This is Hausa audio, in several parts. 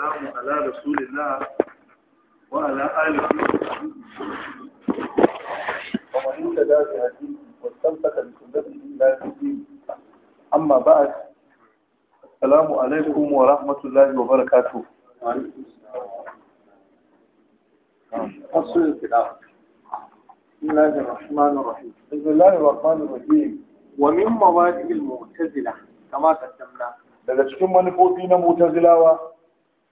والسلام على رسول الله وعلى آله ومن اهتدى بهديه واستمسك بسنته إلى الدين أما بعد السلام عليكم ورحمة الله وبركاته فصل الكتاب بسم الله الرحمن الرحيم بسم الله الرحمن الرحيم ومن مواجه المعتزلة كما قدمنا daga cikin manufofi na mutazilawa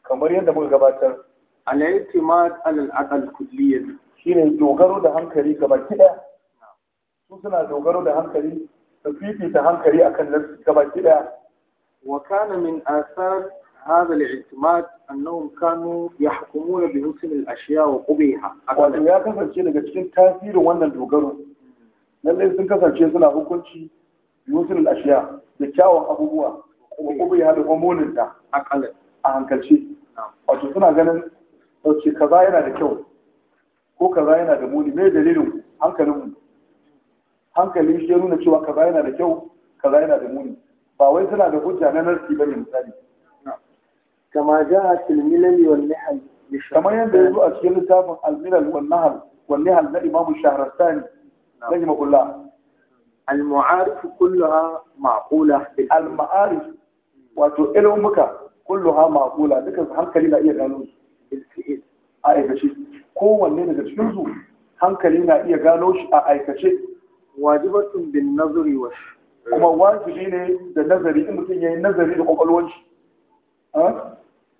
kamar yadda muka gabatar al-i'timad al-aql kulliyan shine dogaro da hankali gaba kida su suna dogaro da hankali su fifita hankali akan nafsi gaba da wa kana min athar هذا الاعتماد انهم كانوا يحكمون بحسن الاشياء وقبيحها wato ya kasance daga cikin tasirin wannan dogaro lallai sun kasance suna hukunci yusul ashiya da kyawun abubuwa wa qubiha da homonin ta akalan a hankalci wato suna ganin ɗauke kaza yana da kyau ko kaza yana da muni mai dalilin hankalinmu hankali shi ya nuna cewa kaza yana da kyau kaza yana da muni ba wai suna da hujja na narki bane misali kama ja'a tilmilal wal nihal kamar yadda ya zo a cikin littafin almilal wal nahal wal nihal na imamu shahrastani rahimahullah al mu'arif kulluha ma'qula al ma'arif wato ilmuka kullu ha ma'qula dukkan hankali na iya gano su a aikace kowanne daga cikin su hankali na iya gano shi a aikace wajibatun bin nazari wa kuma wajibi ne da nazari in mutum yayin nazari da kwakwalwanci. shi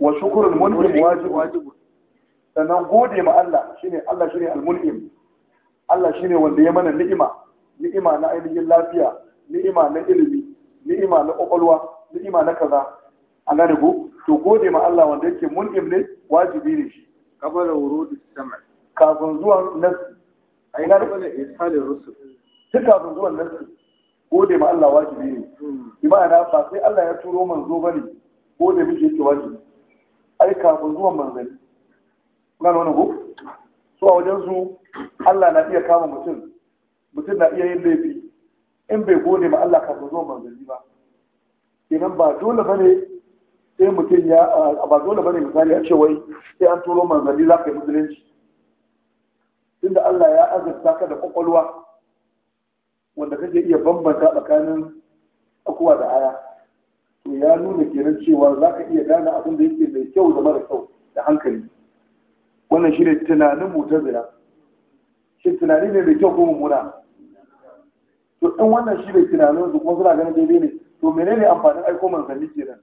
wa mulkin mun'im wajibun sannan gode ma Allah shine Allah shine al-mun'im Allah shine wanda ya mana ni'ima ni'ima na ainihin lafiya ni'ima na ilimi ni'ima na kwakwalwa ni'ima na kaza an gane ko to gode ma Allah wanda yake mun'im ne wajibi ne shi kabala wurudi sam'i kafin zuwan nasu ai na rubuta ishalin rusul tun kafin zuwan nasu gode ma Allah wajibi ne hmm. bi ma'ana ba sai Allah ya turo manzo bane gode mishi yake wajibi ai kafin zuwan manzo kuna wannan wani so a wajen su Allah na iya kama mutum mutum na iya yin laifi in bai gode ma Allah kafin zuwan manzo ba kenan ba dole bane sai mutum ya a ba dole bane misali a ce wai sai an turo manzanni za ka yi musulunci tunda Allah ya azurta ka da kwakwalwa wanda kake iya bambanta tsakanin akuwa da aya to ya nuna kenan cewa za ka iya gane abin da yake mai kyau da mara kyau da hankali wannan shi ne tunanin mutazila shi tunani ne mai kyau ko mummuna to in wannan shi ne tunanin su kuma suna ganin daidai ne to menene amfanin aiko manzanni kenan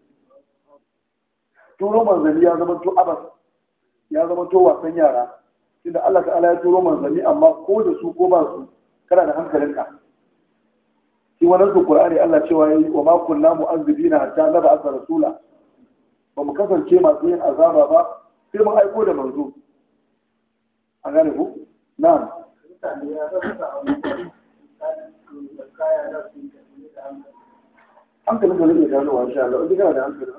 turo manzanni ya zama to abas ya zama to wasan yara inda Allah ta'ala ya turo manzanni amma ko da su ko ba su kana da hankalinka shi wannan su Qur'ani Allah cewa yayi wa ma kunna mu'azzibina hatta nab'atha rasula ba mu kasance masu yin azaba ba sai mun aiko da manzo an gane ku na'am hankalin da zai iya ganowa insha Allah idan kana da hankali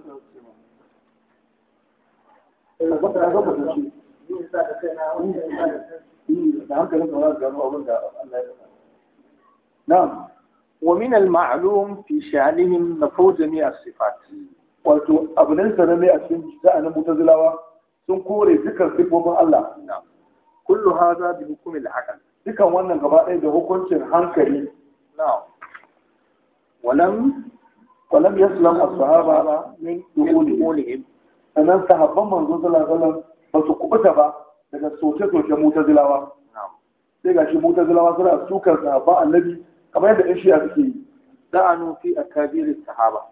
نعم ومن المعلوم في شأنهم نفو جميع الصفات wato abu ne sananne a cikin sha'anin mutazilawa sun kore dukkan sifofin Allah kullu hadha bi hukmi al-aql dukan wannan gaba ɗaya da hukuncin hankali na'am walam walam yaslam as-sahaba sannan sahabban manzo sallallahu ba su kubuta ba daga soke-soke mutazilawa sai ga shi mutazilawa suna sukar sahabban annabi kamar yadda yan a suke yi nufi a akabiri sahaba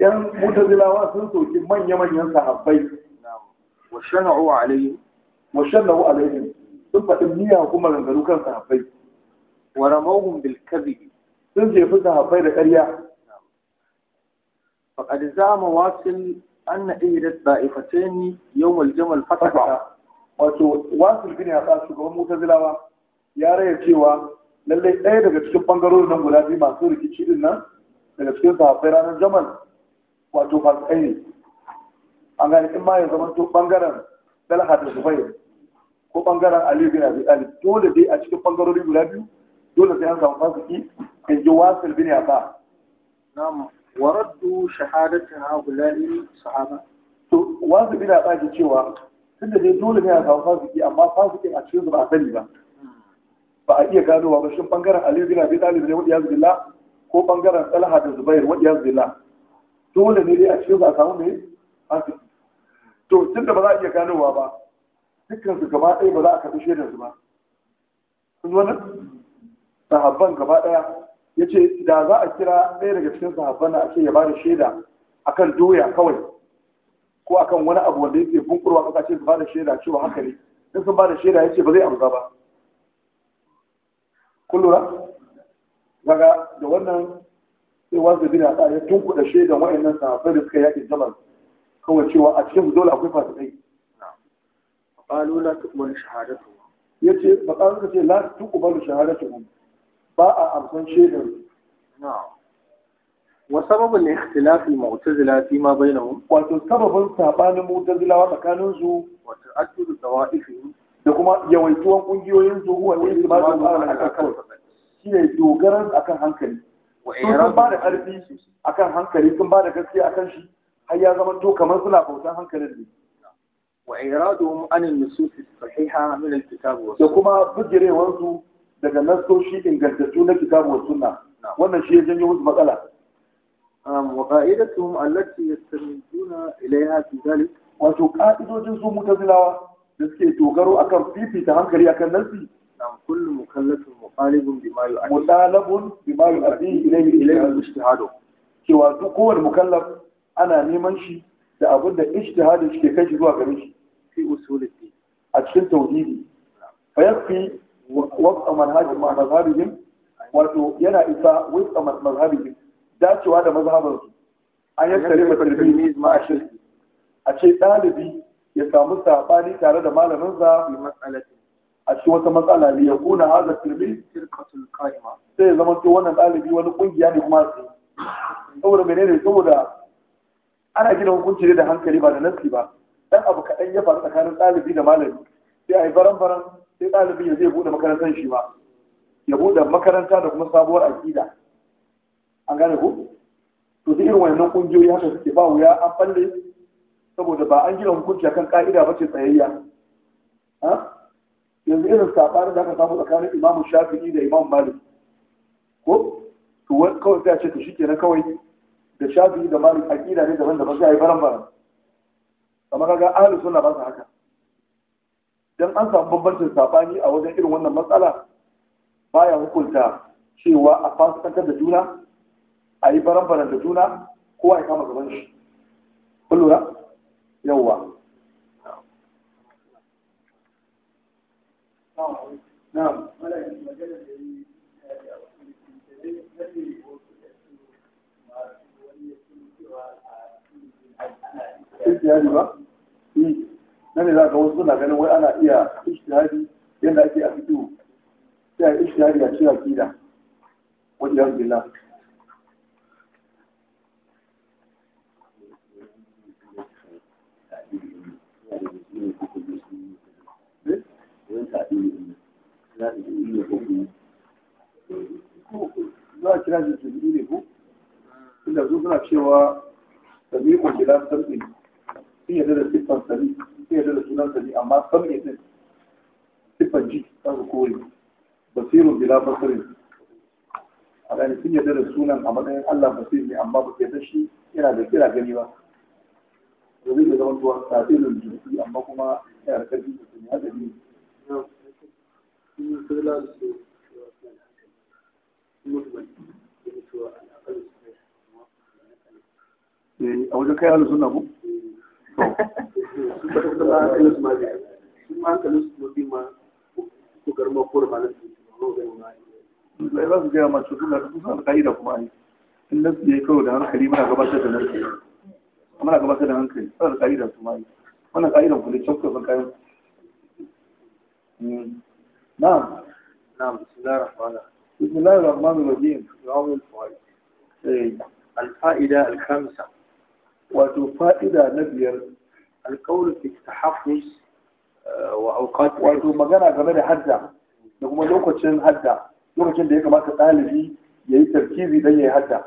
yan mutazilawa sun soke manya-manyan sahabbai wa shana'u alaihim wa shana'u sun faɗi miya kuma rangaru kan sahabbai wa ramawhum bil kadhibi sun jefi sahabbai da ƙarya faqad zama wasil anna ihdat da'ifatayn yawm al-jamal fataka wato wasil bin yasa shugaban mutazilawa ya raya cewa lallai ɗaya daga cikin bangarorin nan guda biyu masu rikici din nan daga cikin sahabbai ranar jamal wato fasikai ne an gani in ma ya zama to bangaren dalha da zubair ko ɓangaren ali bin abi talib dole dai a cikin bangarori guda biyu dole sai an samu fasiki in ji wasil bin yasa na'am waraddu shahadatin haulari sahaba to wasu bina ɓaki cewa tunda dai dole ne a samu fasiki amma fasikin a cikin su a sani ba ba a iya ganowa ba shin aliyu bin abi talib ne wadiyaz ko bangaren talha da zubair wadiyaz billah dole ne dai a cikin su a samu ne fasiki to tunda ba za a iya ganowa ba dukkan su gaba ɗaya ba za a karɓi shaidar ba kun wannan gaba ɗaya ya ce da za a kira ɗaya daga cikin sahabban a ce ya ba da shaida akan doya kawai ko akan wani abu wanda yake bunkurwa kasa ce su ba da shaida cewa haka ne in sun ba da shaida ya ce ba zai amsa ba kun daga da wannan sai wanzu bin a ya tunkuɗa shaidan wa'annan sahabbai da suka yaƙin jamal kawai cewa a cikin dole akwai fasikai قالوا لا تقبل شهادتهم يجي فقالوا لا تقبل شهادتهم ba a amsan shaidar Wasu sababin ikhtilafil mu'tazila fi ma bainahum wato sababin sabanin mu'tazilawa tsakanin su wa ta'addudu tawaifihim da kuma yawaituwan kungiyoyin su huwa ne su ba su fara akan kansu shine dogaran akan hankali sun ba da ƙarfi akan hankali sun ba da gaskiya akan shi har ya zama to kamar suna bautan hankalin ne wa iraduhum an an-nusus as-sahiha min al-kitab da kuma su. daga nasoshi ingantattu na kitabu wa na. wannan shi ya janyo musu matsala وقائدتهم التي يستمدون إليها في ذلك wato ƙa'idojin su mutazilawa da suke dogaro akan fifita hankali akan nasi nam kullu mukallafin muqalibun bima yu'addi mutalabun bima yu'addi ilayhi ilayhi al-ijtihad cewa duk kowane mukallaf ana neman shi da abin da ijtihadin shi ke kai shi zuwa gare shi fi usulid a cikin tauhidi fa yakfi wafka manhajin ma mazhabihim wato yana isa wafka mazhabihim dacewa da mazhabansu an yi tare da tilmiz ma ashirki a ce ɗalibi ya samu sabani tare da malaminsa a cikin wata matsala ne ya kuna haza tilmiz sai ya zama to wannan ɗalibi wani ƙungiya ne kuma su saboda ne saboda ana gina hukunci ne da hankali ba da nasi ba dan abu kaɗan ya faru tsakanin ɗalibi da malami sai a yi baran-baran sai ɗalibin ya zai buɗe makarantar shi ma ya buɗe makaranta da kuma sabuwar aƙida an gane ku? to duk irin wannan ƙungiyoyi haka suke ba wuya an falle saboda ba an gina hukunci akan ƙa'ida ba ce tsayayya yanzu irin saɓanin da aka samu tsakanin imamu shafi'i da imamu malik ko to kawai sai a ce to shi kenan kawai da shafi'i da malik aƙida ne daban-daban sai a yi baran-baran amma kaga ahlus sunna ba su haka don an samu bambancin sabani a wajen irin wannan matsala baya hukunta cewa a fasikantar da juna a yi baran-baran da juna ko a yi kama gaban shi kullura yawwa na'am ba? Hmm. nan ne za ka wasu suna ganin wai ana iya ishtihadi yadda ake a fito sai a ishtihadi a cewa kila wani yawon bila za a kira shi jirgi ne ko inda suna cewa tabi'u bila sabbi sun yadda da siffar sun da sunan ne amma ne din sifan ji za su kore basirun bila basirin a gani sun yadda da sunan a matsayin Allah basir ne amma ba su shi yana da kira gani ba da zai zama tuwa tasirin jinsi amma kuma yana da karfi da sun hada ne eh, a wajen kai halin suna ku? Sai za su gaya masu suna da kusa kuma ai. In yi kawai da hankali muna gabatar da hankali. Muna gabatar da hankali, suna da su ma cokka sun kayan. وتو فائدة نبير القول في التحفظ آه، وأوقات وتو مجانا جمال حدا نقوم لوقة شن حدا لوقة شن ديك ما تتعلي يهي تركيزي دي حدا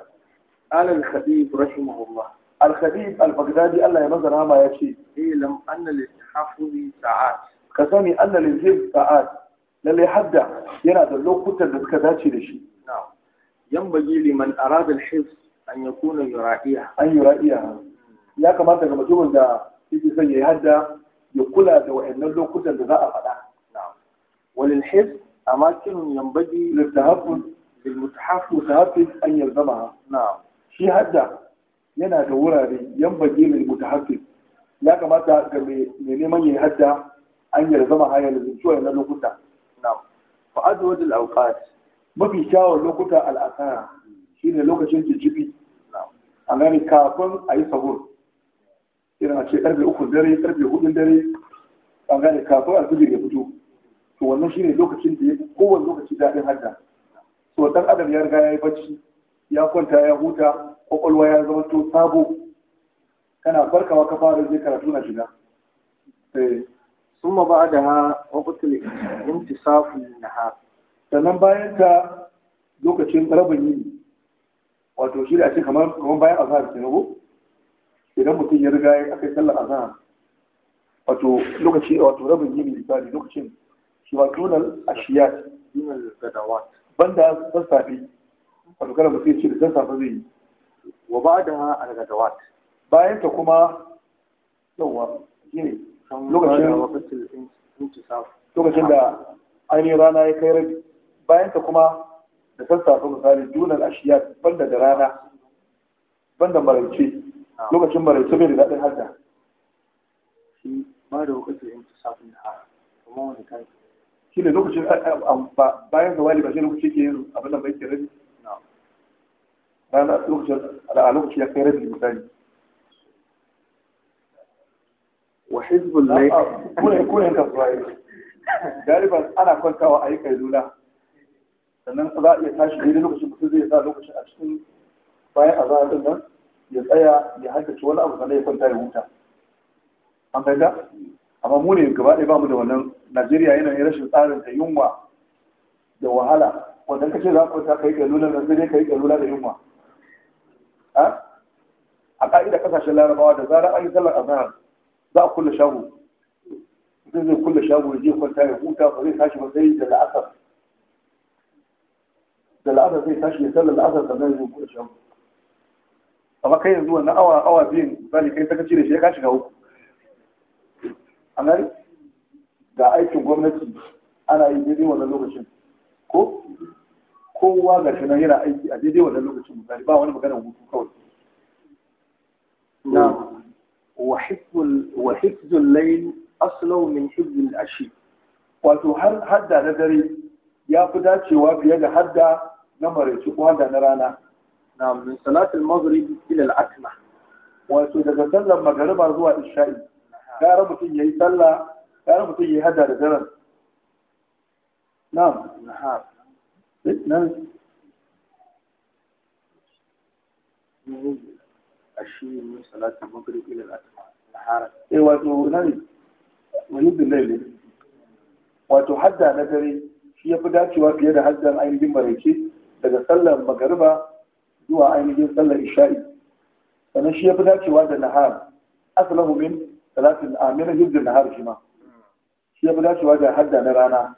قال الخبيب رحمه الله الخبيب البغدادي قال له الله ينظر يا يشي إيه لم أن الاتحفظي ساعات كثاني أن الانهيب ساعات للي حدا ينادى لو كنت نتكذاتي لشي نعم ينبغي لمن أراد الحفظ أن يكون يرائيها أن يرائيها ya kamata ga mutumin da yake son ya hadda ya kula da wa'annan lokutan da za a faɗa walil his da yambagi littahaffuz bil mutahaffuz hafiz an yalzamaha na'am shi hadda yana da wurare yambagi lil mutahaffuz ya kamata ga mai neman ya hadda an yalzama ha ya lazimci wa'annan lokuta na'am fa azwajul awqat mafi kyawun lokuta al'asara shine lokacin jijjibi a gani kafin a yi sahur irin a ce karfe uku dare karfe hudu dare an gane kafin alfijir ya fito to wannan shine lokacin da ya fi kowane lokaci daɗin hadda so dan adam ya riga ya yi bacci ya kwanta ya huta kwakwalwa ya zama to sabo kana farkawa ka fara zai karatu na shiga ثم بعدها وقت الانتصاف ha. sannan bayan ta lokacin rabin yini wato shi da ake kamar kamar bayan azhar ke nago idan mutum ya riga ya aka yi sallar wato lokaci wato rabin yini misali lokacin shi wa dunal ashiya dunal gadawat banda sassafe wato kada mutum ya ce da safi zai yi wa ba da al bayan ta kuma yawa shine lokacin lokacin da ainihin rana ya kai rabi bayan ta kuma da sassafe misali dunal ashiya banda da rana banda marance Ah. lokacin baraice bai da daɗin hadda shi ba da wakil yin safin da har kuma wani kai shi ne lokacin bayan zawali ba shi lokacin ke yin abin da bai ke rabi ranar lokacin a lokacin ya kai rabi misali wa hizbul lai kuma kuma yanka zuwa galiban ana kwantawa a yi lula. sannan za a iya tashi daidai lokacin mutum zai sa lokacin a cikin bayan a zaɓin nan ya tsaya ya haddace wani abu sannan ya kwanta ya huta an fahimta amma mu ne gaba ɗaya bamu da wannan najeriya yana yin rashin tsarin da yunwa da wahala wanda kace za ku ta kai kalula da sai dai kai kalula da yunwa a ka'ida kasashen larabawa da zarar an yi sallar azhar za a kulle shago mutum zai kulle shago ya je kwanta ya huta ba zai tashi ba sai da la'asar da la'asar sai tashi ya sallar la'asar sannan ya kulle shago amma kai yanzu wannan awa awa biyun misali kai sakaci da shi kashi ga uku amma ga aikin gwamnati ana yi daidai wannan lokacin ko kowa ga shi nan yana aiki a daidai wannan lokacin misali ba wani maganar hutu kawai na wahid hifzul lain aslau min hifzul ashi wato har hadda na dare ya fi dacewa fiye da hadda na maraice ko hadda na rana na min salatul maghrib ila al daga sallar magariba zuwa isha'i gara mutum yayi sallah hada da daren na'am nahar nan ashi min salatul maghrib ila eh wato nan wani billahi wato hadda na dare shi ya fi dacewa fiye da haddan ainihin maraice daga sallar magariba zuwa ainihin sallar isha'i sannan shi ya fi dacewa da nahar asalahu min salatin amin hizbin nahar shi ma shi ya fi dacewa da hadda na rana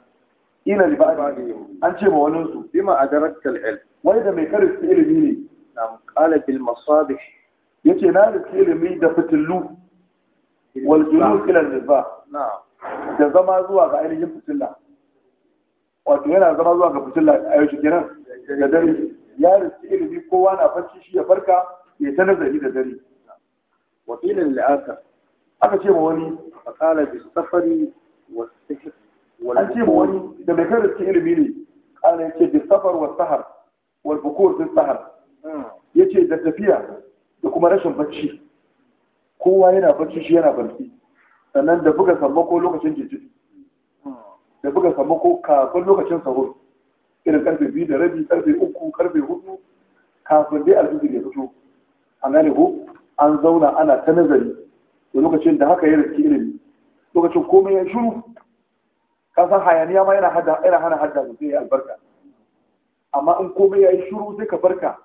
ila da ba'di an ce ma wani su bima darar kal'el Wani da mai karin ilimi ne na mukala bil Ya ce na riski ilimi da fitillu wal julus ila al da zama zuwa ga ainihin fitilla wato yana zama zuwa ga fitilla a yau kenan da dare ya riski ilimi kowa na bacci shi ya farka ya ta nazari da dare wa qila aka ce ma wani a kala bi safari wa an ce ma wani da mai kan riski ilimi ne qala ce bi safar wa sahar wal bukur bi sahar ce da tafiya da kuma rashin bacci kowa yana bacci shi yana barci sannan da buga sammako lokacin jijjiri da buga sammako kafin lokacin sahur irin karfe biyu da rabi karfe uku karfe hudu kafin dai alfijir ya fito an gane ko an zauna ana ta nazari Da lokacin da haka ya rikki ilimi lokacin komai ya shuru ka san hayaniya ma yana hana hadda da sai ya albarka amma in komai ya yi shuru sai ka barka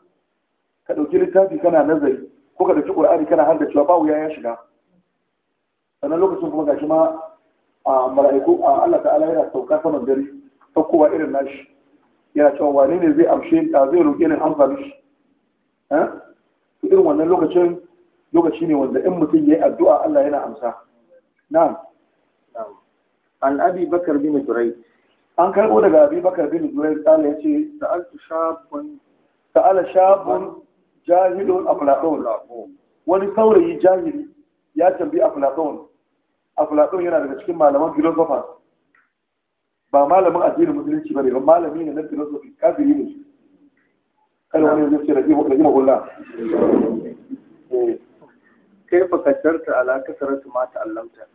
ka ɗauki littafi kana nazari ko ka ɗauki qur'ani kana haddacewa ba wuya ya shiga sannan lokacin kuma gashi ma a mala'iku Allah ta'ala yana sauka saman dare ta kowa irin nashi yana cewa wane ne zai amshe da zai roƙe ni amsa mishi to irin wannan lokacin lokaci ne wanda in mutum ya yi addu'a Allah yana amsa na'am an abi bakar bin turai. an karɓo daga abi bakar bin turai tsala ya ce ta'ala shabun jahilun aflatun wani saurayi jahili ya tambi aflatun aflatun yana daga cikin malaman filosofa ba malamin addinin musulunci bane ba malami ne na kafin kafiri ne kada wani zai ce rajimu rajimu kullah eh. kai fa kaddarta ala su ma ta'allamta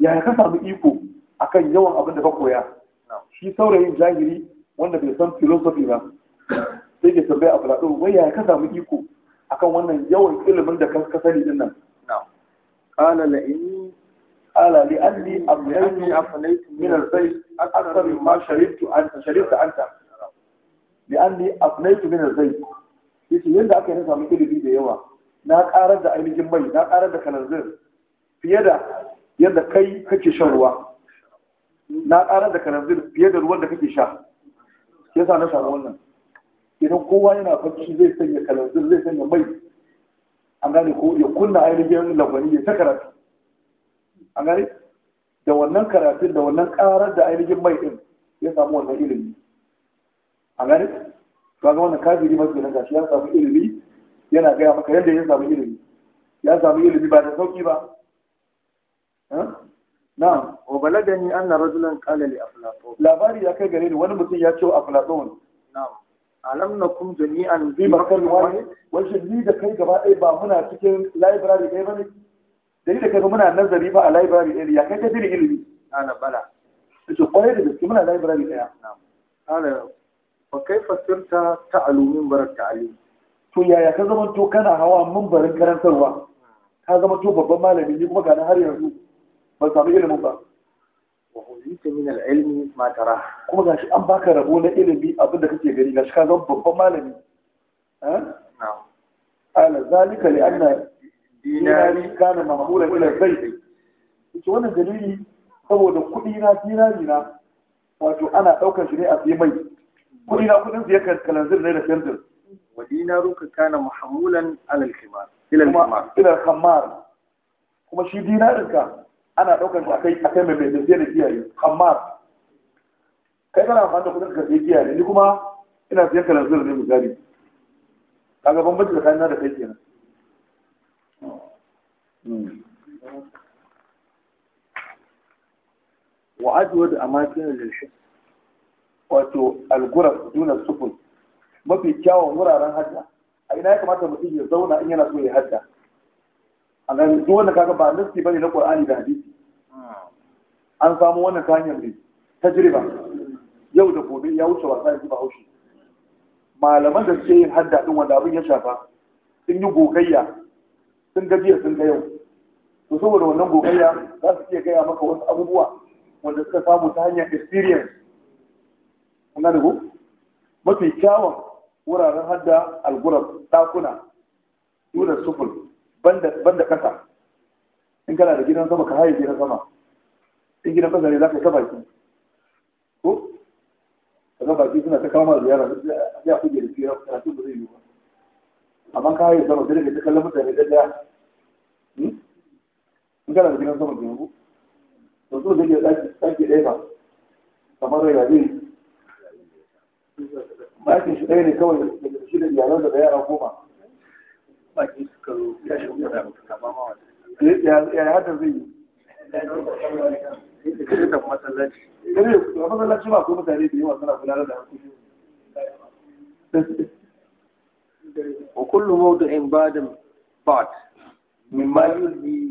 ya ka samu iko akan yawan abin da ka koya shi saurayin jahiri wanda bai san philosophy ba sai ke tambaya a fulaɗo wai ya ka samu iko akan wannan yawan ilimin da ka sani din nan qala la in قال لأني أمليت من البيت أكثر مما شربت أنت شربت أنت لأني أفنيت من البيت yace yadda aka yi samu ilimi da yawa na karar da ainihin mai na karar da kananzir fiye da yadda kai kake shan ruwa na karar da kananzir fiye da ruwan kake sha idan kowa yana farki zai sanya kalanzir zai sanya mai an gane ko ya kunna ainihin lagwani ya ta karatu an gane da wannan karatun da wannan karar da ainihin mai din ya samu wannan ilimi an gane ba ga wannan kafiri mafi nan gashi ya samu ilimi yana gaya maka yadda ya samu ilimi ya samu ilimi ba da sauki ba na'am wa balagani anna rajulan qala li aflatun labari ya kai gare ni wani mutum ya ce wa aflatun na'am alam nakum jami'an bi makan wahid ni da kai gaba ɗaya ba muna cikin library ba bane da da kai muna nazari ba a library ɗaya ya kai tafi ilimi ana bala su kwaye da gaske muna library ɗaya ana ba kai fasirta ta alumin barar ta'alim to yaya ka zama to kana hawa mimbarin karantarwa ka zama to babban malami ne kuma gani har yanzu ba samu ilimin ba wa hujjita min al-ilmi ma tara kuma gashi an baka rabo na ilimi abin da kake gani gashi ka zama babban malami eh? ala zalika li anna dinari kana mamula ila zai yace wannan dalili saboda kudi na dinari na wato ana daukar shi ne a sai mai kudi na kudin su yakan kalanzir ne da fendir wa dinaruka kana mahmulan ala al-khimar ila al-khimar ila al kuma shi dinarin ka ana daukar shi akai akai mai mai da kiyaye khamar kai kana amfani da kudin ka sai kiyaye ni kuma ina siyan kalanzir ne misali kaga bambanci tsakanin da kai kenan wa da amakin lilshi wato alguraf duna sufun mafi kyawun wuraren hadda a ina ya kamata mutum ya zauna in yana so ya hadda a ga duk wanda kaga ba nasi bane na Qur'ani da hadisi an samu wannan ta hanyar ne tajriba yau da gobe ya wuce wasa ya ba haushi malaman da suke yin hadda din wanda abin ya shafa sun yi gogayya sun gajiya sun ga yau to saboda wannan gogayya za su iya gaya maka wasu abubuwa wanda suka samu ta hanyar experience an gane mafi kyawun wuraren hadda algurab dakuna duna sufur banda banda kasa in kana da gidan sama ka haye gidan sama in gidan kasa ne za ka kaba ki ko ka gaba ki suna ta kama ziyara ya kuje da fiye karatu ba zai yi ba amma ka haye sama sai da ta kallon mutane da in kana da gidan sama ke yanku to so da ke ɗaki ɗaya ba kamar rai rabe ɗakin shi ɗaya ne kawai da shi da iyalan da yara goma baki suka zo ya shi da kama ma wata ya hada zai yi da masallaci da masallaci ba ko mutane da yawa suna kula da hankali وكل موضع بعد بعد مما يلهي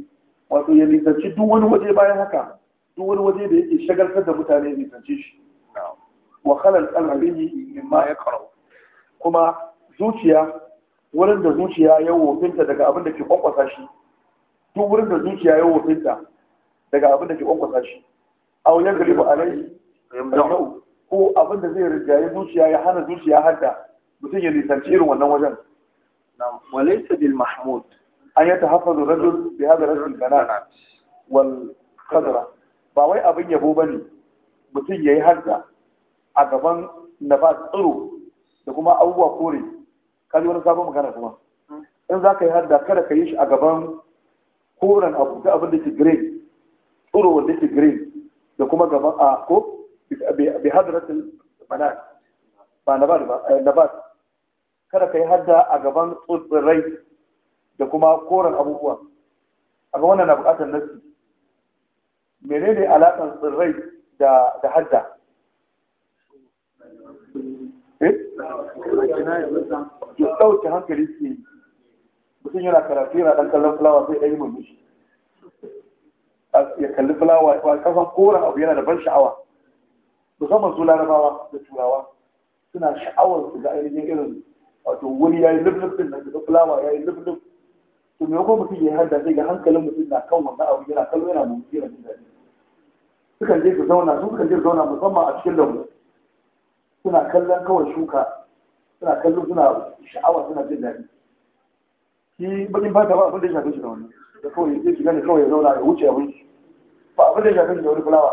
wato ya nisanci duk wani waje bayan haka duk wani waje da yake shagaltar da mutane ya nisanci shi wa khalal qalbi mimma yaqra kuma zuciya wurin da zuciya ya wofinta daga abin da ke kwakwasa shi duk wurin da zuciya ya wofinta daga abin da ke kwakwasa shi aw ya garibu alai ko abin da zai rijaye zuciya ya hana zuciya hadda mutum ya nisanci irin wannan wajen na walaysa bil mahmud an yi ta hafazu rajul bi hada rajul banat wal kadara. ba wai abin yabo ba ne mutum ya yi hadda a gaban nafas tsiro da kuma abubuwa kore ka ji wani sabon magana kuma in za ka yi hadda kada ka yi shi a gaban koren abu da abin da ke green tsiro wanda ke green da kuma gaban a ko bi hadratul banat ba na ba kada ka yi hadda a gaban tsirrai da kuma koren abubuwa a ga wannan na buƙatar nassi menene alaƙar tsirrai da da hadda eh ya ɗauke hankali ke yi mutum yana karatu yana ɗan kallon fulawa sai ɗan yi murmushi ya kalli fulawa ya kasan koren abu yana da ban sha'awa musamman su larabawa da turawa suna sha'awar su ga ainihin irin wato wani ya yi lif-lif ɗin nan da fulawa ya yi lif-lif to me ko mutum ya harda sai ga hankalin mutum na kan wannan abu yana kallo yana mun yana jin daɗi sukan je su zauna su kan je su zauna musamman a cikin lambu suna kallon kawai shuka suna kallon suna sha'awa suna jin daɗi shi bakin fata ba abin da ya shafe shi da wani da kawai zai shiga ne kawai ya zauna ya wuce abin shi ba abin da ya shafe shi da wani fulawa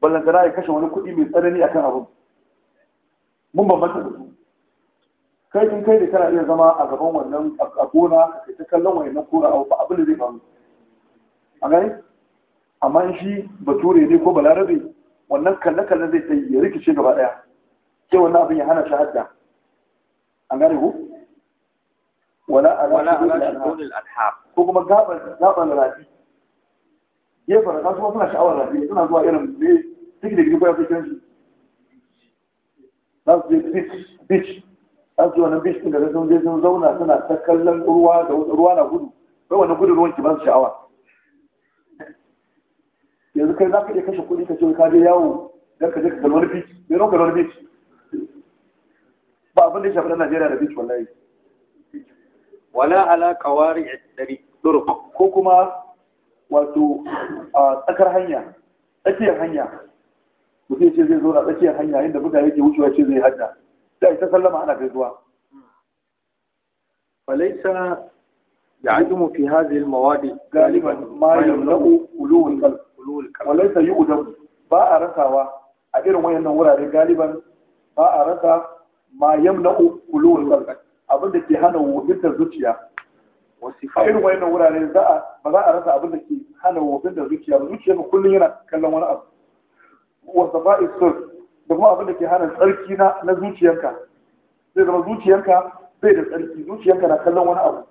ballantana ya kashe wani kuɗi mai tsanani akan abu mun bambanta da su kai in kai da kana iya zama a gaban wannan a gona ka kai ta kallon wani wannan kura a ba abin da zai faru a gani amma shi bature ne ko balarabe wannan kalle kalle zai ta ya rikice gaba daya sai wannan abin ya hana shahada an gane ku wala ala shudul alhab ko kuma gaban gaban rafi gefen rafi kuma suna sha'awar rafi suna zuwa irin ne duk da gidi ko ya fi kiran shi za su je beach an su wani bishin da sun je sun zauna suna ta kallon ruwa da ruwa na gudu kai wani gudu ruwan ki ba sha'awa yanzu kai za ka iya kashe kuɗi ka ce ka je yawo don ka je ka kalmar beach mai ron kalmar beach ba abin da ya shafi Najeriya da beach wallahi wala ala qawari dari durq ko kuma wato a tsakar hanya tsakiyar hanya mutum ce zai zo na tsakiyar hanya inda mutane ke wucewa ce zai hadda sai ta sallama ana gaisuwa falaisa يعدم في هذه المواد غالبا ما يملأ قلوب القلب وليس يؤدم باء رساوا أدير وين نورا غالبا باء رسا ما ma yamlaku abin da ke hana zuciya a irin wayannan wurare za ba za a rasa abin da ke hana wobintar zuciya ba zuciya ba kullum yana kallon wani abu da kuma abin da ke hana tsarki na zuciyanka zai zama zuciyanka bai da tsarki zuciyanka na kallon wani abu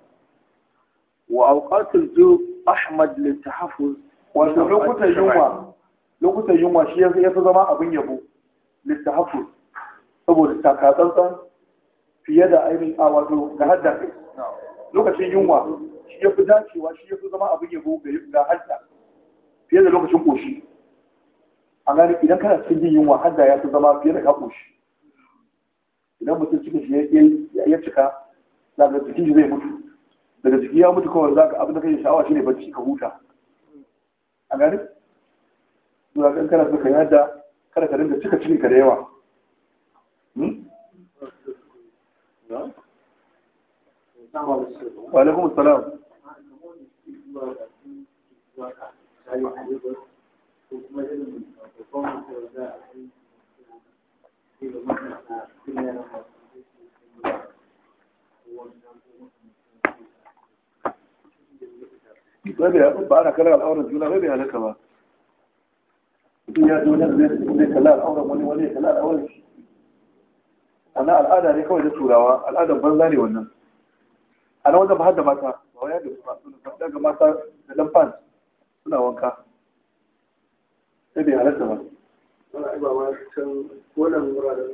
wa awqatul zu ahmad lil tahaffuz wato lokutan yunwa lokutan yunwa shi ya fi zama abin yabo lil tahaffuz saboda takatsantsan fiye da ainihin a wato ga hadda kai lokacin yunwa shi ya fi dacewa shi ya fi zama abin yabo ga hadda fiye da lokacin koshi a gani idan kana cikin jin yunwa hadda ya fi zama fiye da ka ƙoshi idan mutum cikin shi ya cika za ka cikin shi zai mutu daga ciki ya mutu kawai za ka abin da kai sha'awa shi ne bacci ka huta a gani zuwa kan kana suka yadda kada ka dinga cika cikin ka da yawa hmm? wa alaikum salam ba ana kallon al'auran juna bai halatta ba ya ji wani zai kalla al'auran wani wani ya kalla al'auran shi ana al'ada ne kawai da turawa al'adar banza ne wannan A ana wanda ba har da mata ba wani da su ba daga mata da lamfan suna wanka sai bai halatta ba wani ba ma can wannan wuraren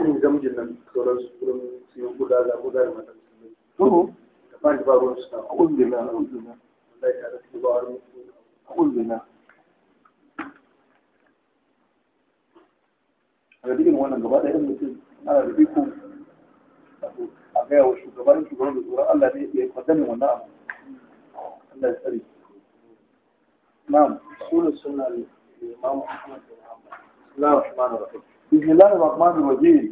irin gamjin nan sauran su kurin su yi guda da guda da matan su ne da ba da ba ruwan su na akun bila akun bila wallahi ta da su ba wani akun bila a ga dukkan wannan gaba ɗaya mutum ana da iko a gaya wa shugaban shugaban da tsoron Allah ne ya kwadamin wannan abu Allah ya tsare na'am sunan sunan bismillahir rahmanir rahim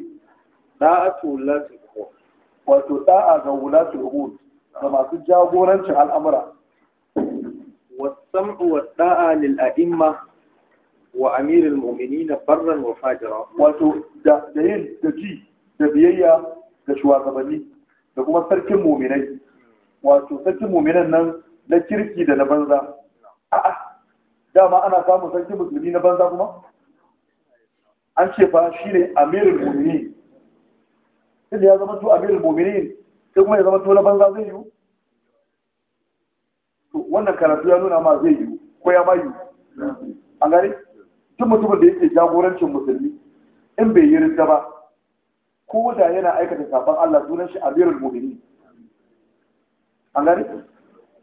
da'atu lati wato da'a ga wulati umur ga masu jagorancin al'amura wasam'u wa da'a lil a'imma wa amiril mu'minina barran wa fajira wato da da yin da ji da biyayya ga shugabanni da kuma sarkin wato sarkin nan na kirki da na banza dama ana samun sarki musulmi na banza kuma an ce fa shi ne amirul mumini tunda ya zama to amirul mumini sai kuma ya zama to na banza zai yiwu wannan karatu ya nuna ma zai yiwu ko ya ma yiwu an gari duk mutumin da yake jagorancin musulmi in bai yi rinda ba ko da yana aikata sabon Allah sunan shi amirul mumini an gari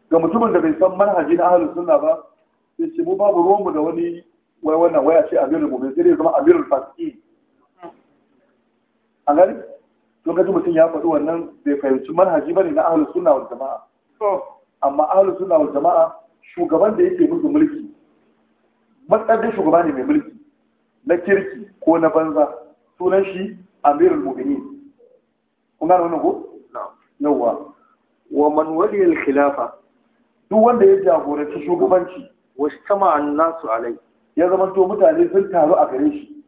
ga mutumin da bai san manhaji na ahlus sunna ba sai ce mu babu ruwanmu da wani wai wannan waya ce amirul mu sai dai zama amirul fasiki a gani to kaji mutum ya faɗi wannan bai fahimci manhaji bane na ahlus sunna wal jama'a amma ahlus sunna wal jama'a shugaban da yake musu mulki matsayin shugaba ne mai mulki na kirki ko na banza sunan shi amirul mu'minin kun gane wannan ko yawwa wa man waliya al khilafa duk wanda ya jagoranci shugabanci washtama annasu alai ya zama to mutane sun taru a gare shi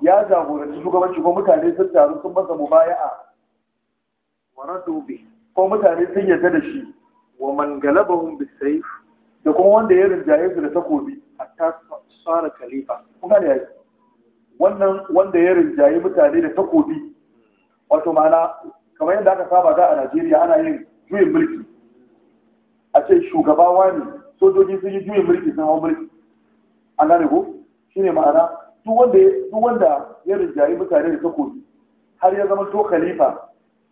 ya jagoranci shugabanci ko mutane sun taru sun masa baya a. radu bi ko mutane sun yarda da shi wa man galabahum bisayf da kuma wanda ya rinjaye su da takobi a hatta sara khalifa kun ga yayi wannan wanda ya rinjaye mutane da takobi wato ma'ana kamar yadda aka saba da a Najeriya ana yin juyin mulki a ce shugaba wani sojoji sun yi juyin mulki sun hau mulki an gane ko shine ma'ana duk wanda ya rinjayi mutane da takobi har ya zama to khalifa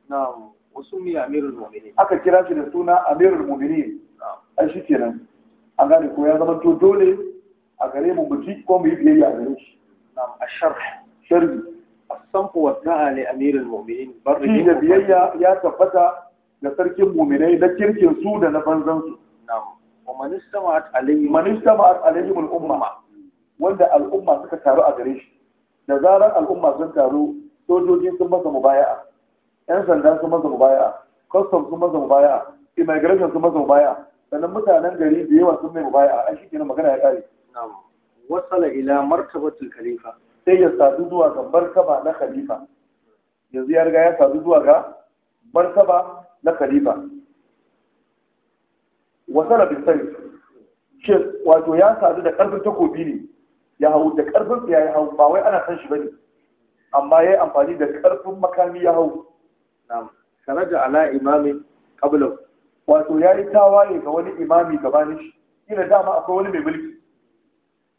na wasu mi amirul mu'minin aka kira shi da suna amirul mu'minin ai nan. an gane ko ya zama to dole a gare mu mutu ko mu yi biyayya a gare shi na'am asharh sharhi a والدعاء لأمير المؤمنين بره بيا يا shi da sarkin muminai na kirkin su da na banzan su. Na'am. ومن استمعت عليه من استمعت عليهم الأمة wanda al'umma suka taru a gare shi da zarar al'umma sun taru sojoji sun masa mubaya'a yan sanda sun masa mubaya'a custom sun masa mubaya'a immigration sun masa mubaya'a sannan mutanen gari da yawa sun mai mubaya'a ai shi kenan magana ya kare wasala ila martabatul khalifa sai ya sadu zuwa na khalifa yanzu ya riga ya sadu zuwa ga na khalifa wasana bin sani shi wato ya sadu da karfin takobi ne ya hau da karfin ya yi hau ba wai ana san shi bane amma ya yi amfani da karfin makami ya hau na'am karaja ala imami qabla wato ya yi tawaye ga wani imami gabanin shi ina dama akwai wani mai mulki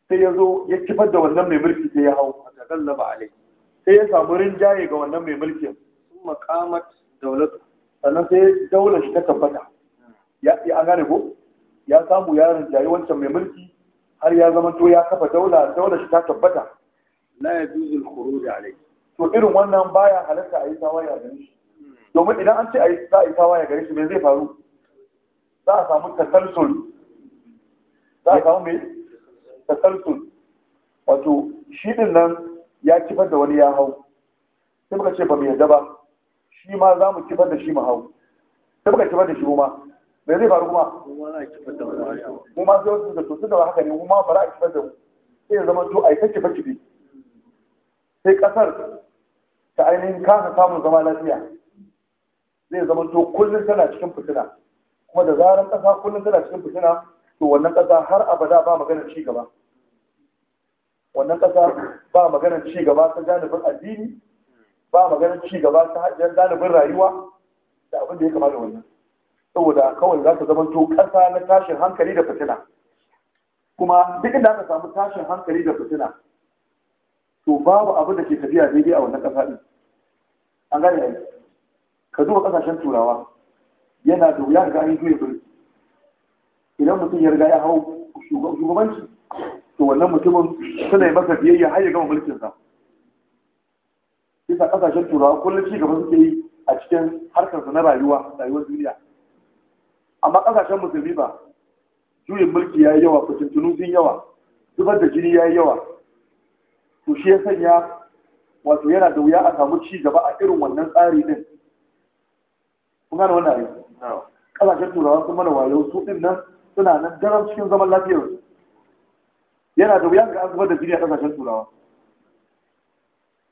sai ya zo ya kifar da wannan mai mulki sai ya hau a tagallaba alai sai ya samu rinjaye ga wannan mai mulkin sun makamat dawlatu sannan sai daular shi ta tabbata ya an gane ko ya samu ya rinjaye wancan mai mulki har ya zama to ya kafa daula daula shi ta tabbata la yajuzu al-khuruj alayhi to irin wannan baya halatta a yi tawaye gare shi domin idan an ce a yi za a yi tawaya gare shi me zai faru za a samu tasalsul za a samu me tasalsul wato shi din nan ya kifar da wani ya hau sai muka ce ba mu yarda ba shi ma za mu kifar da shi mu hau sai muka kifar da shi mu ma me zai faru kuma mu ma sai wasu da to suka haka ne mu ma bara a kifar da mu sai ya zama to a yi ta kifa kifi sai kasar ta ainihin kasa samun zama lafiya zai zama to kullum tana cikin fitina kuma da zarar kasa kullum tana cikin fitina to wannan kasa har abada ba maganar ci gaba wannan kasa ba maganar ci gaba ta janibin addini ba maganar ci gaba ta janibin rayuwa da abin da ya kamata wannan saboda kawai za ta zamanto ƙasa na tashin hankali da fitina kuma duk inda aka samu tashin hankali da fitina to babu abin da ke tafiya daidai a wannan ƙasa ɗin an gane ne ka zuwa ƙasashen turawa yana da wuya ga an juya birki idan mutum ya riga ya hau shugabanci to wannan mutumin suna yi masa biyayya har ya gama mulkinsa bisa ƙasashen turawa kullum ci gaba suke yi a cikin harkarsa na rayuwa rayuwar duniya amma kasashen musulmi ba juyin mulki ya yi yawa fitintunu sun yawa zubar da jini ya yi yawa to shi ya sanya wato yana da wuya a samu ci gaba a irin wannan tsari din kun gane wannan ne kasashen turawa sun mana wayo su din nan suna nan garan cikin zaman lafiyar yana da wuya ga an zubar da jini a kasashen turawa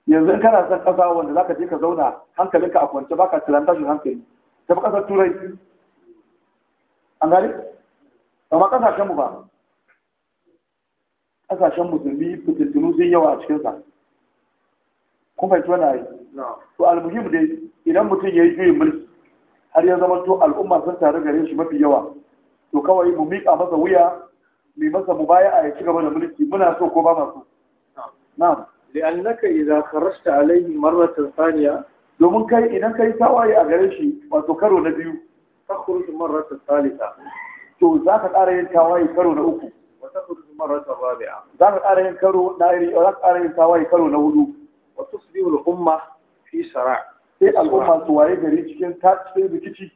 yanzu in kana son kasa wanda zaka je ka zauna hankalinka a kwance baka tilanta tashin hankali tafi kasar turai an gani amma kasashen mu ba kasashen musulmi fitintunu sun yawa a cikinsa kun fahimci wani ayi to almuhim dai idan mutum ya yi juyin mulki har ya zama to al'umma sun taru gare shi mafi yawa to kawai mu miƙa masa wuya mai masa mu baya a ya ci gaba da mulki muna so ko ba masu na'am li'annaka idza kharajta alayhi marratan thaniya domin kai idan kai tawaye a gare shi wato karo na biyu takhruj marrata thalitha to za ka ƙara yin karo na uku wa takhruj marrata rabi'a za ka ƙara yin karo na yin karo na hudu wa tusbihu al-umma fi shara' sai al'umma su waye gari cikin cikin rikici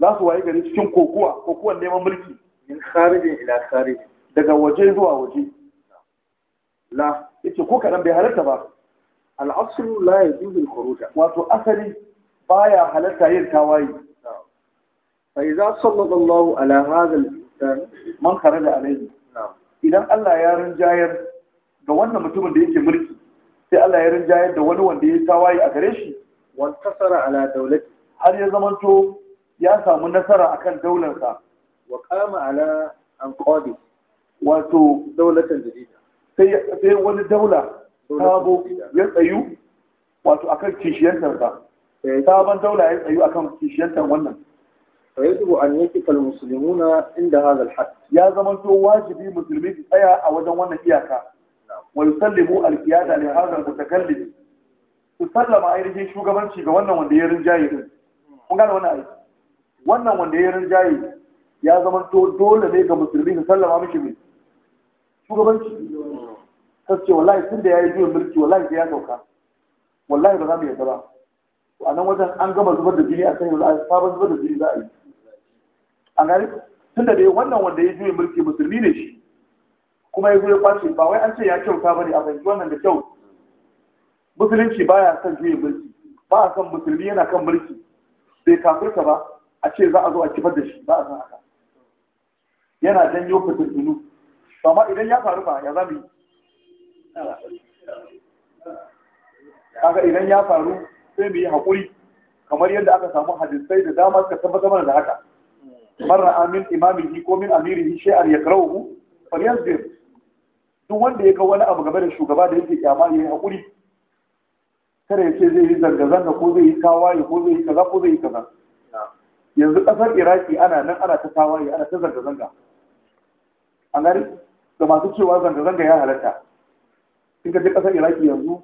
za su waye gari cikin kokuwan neman mulki min kharijin ila kharijin daga waje zuwa waje la yace ko kadan bai halarta ba al'asru la yajuzu al asali baya halarta yin tawaye فإذا صلى الله على هذا الإنسان من خرج عليه idan Allah ya rinjayar ga wannan mutumin da yake mulki sai Allah ya rinjayar da wani wanda ya tawaye a gare shi wantasara ala daulati har ya zamanto ya samu nasara akan daularsa wa qama ala anqadi wato wani daula sabo ya tsayu wato akan kishiyar sabon daula ya tsayu akan kishiyantar wannan فيجب أن يقف المسلمون عند هذا الحد يا زمن تو واجب المسلمين تسيا أوجا وانا إياكا ويسلموا القيادة لهذا المتكلم تسلم ainihin shugabanci ga wannan wanda ya rinjaye din kun gane wannan aiki wannan wanda ya rinjaye ya zama to dole ne ga musulmi sallama mishi shugabanci sace wallahi tun da yayi juyin mulki wallahi ya sauka wallahi ba za mu yarda ba a nan wajen an gama zubar da jini a kan da jini za a yi an gani tun da dai wannan wanda ya juye mulki musulmi ne shi kuma ya zuwa kwace ba wai an ce ya kyauta bane a fahimci wannan da kyau musulunci baya son juye mulki ba a son musulmi yana kan mulki bai kafirka ba a ce za a zo a kifar da shi ba a san haka yana janyo fitintunu amma idan ya faru ba ya zama yi kaga idan ya faru sai mu yi haƙuri kamar yadda aka samu hadisai da dama suka tabbatar mana da haka man ra'a min imamihi ko min amirihi shay'an yakrahu falyasbir duk wanda ya ga wani abu game da shugaba da yake kyama yayi hakuri kada ya ce zai yi zanga zanga ko zai yi tawaye ko zai yi kaza ko zai yi kaza yanzu kasar iraki ana nan ana ta tawaye ana ta zanga zanga an gari da masu cewa zanga zanga ya halatta sun ka je kasar iraki yanzu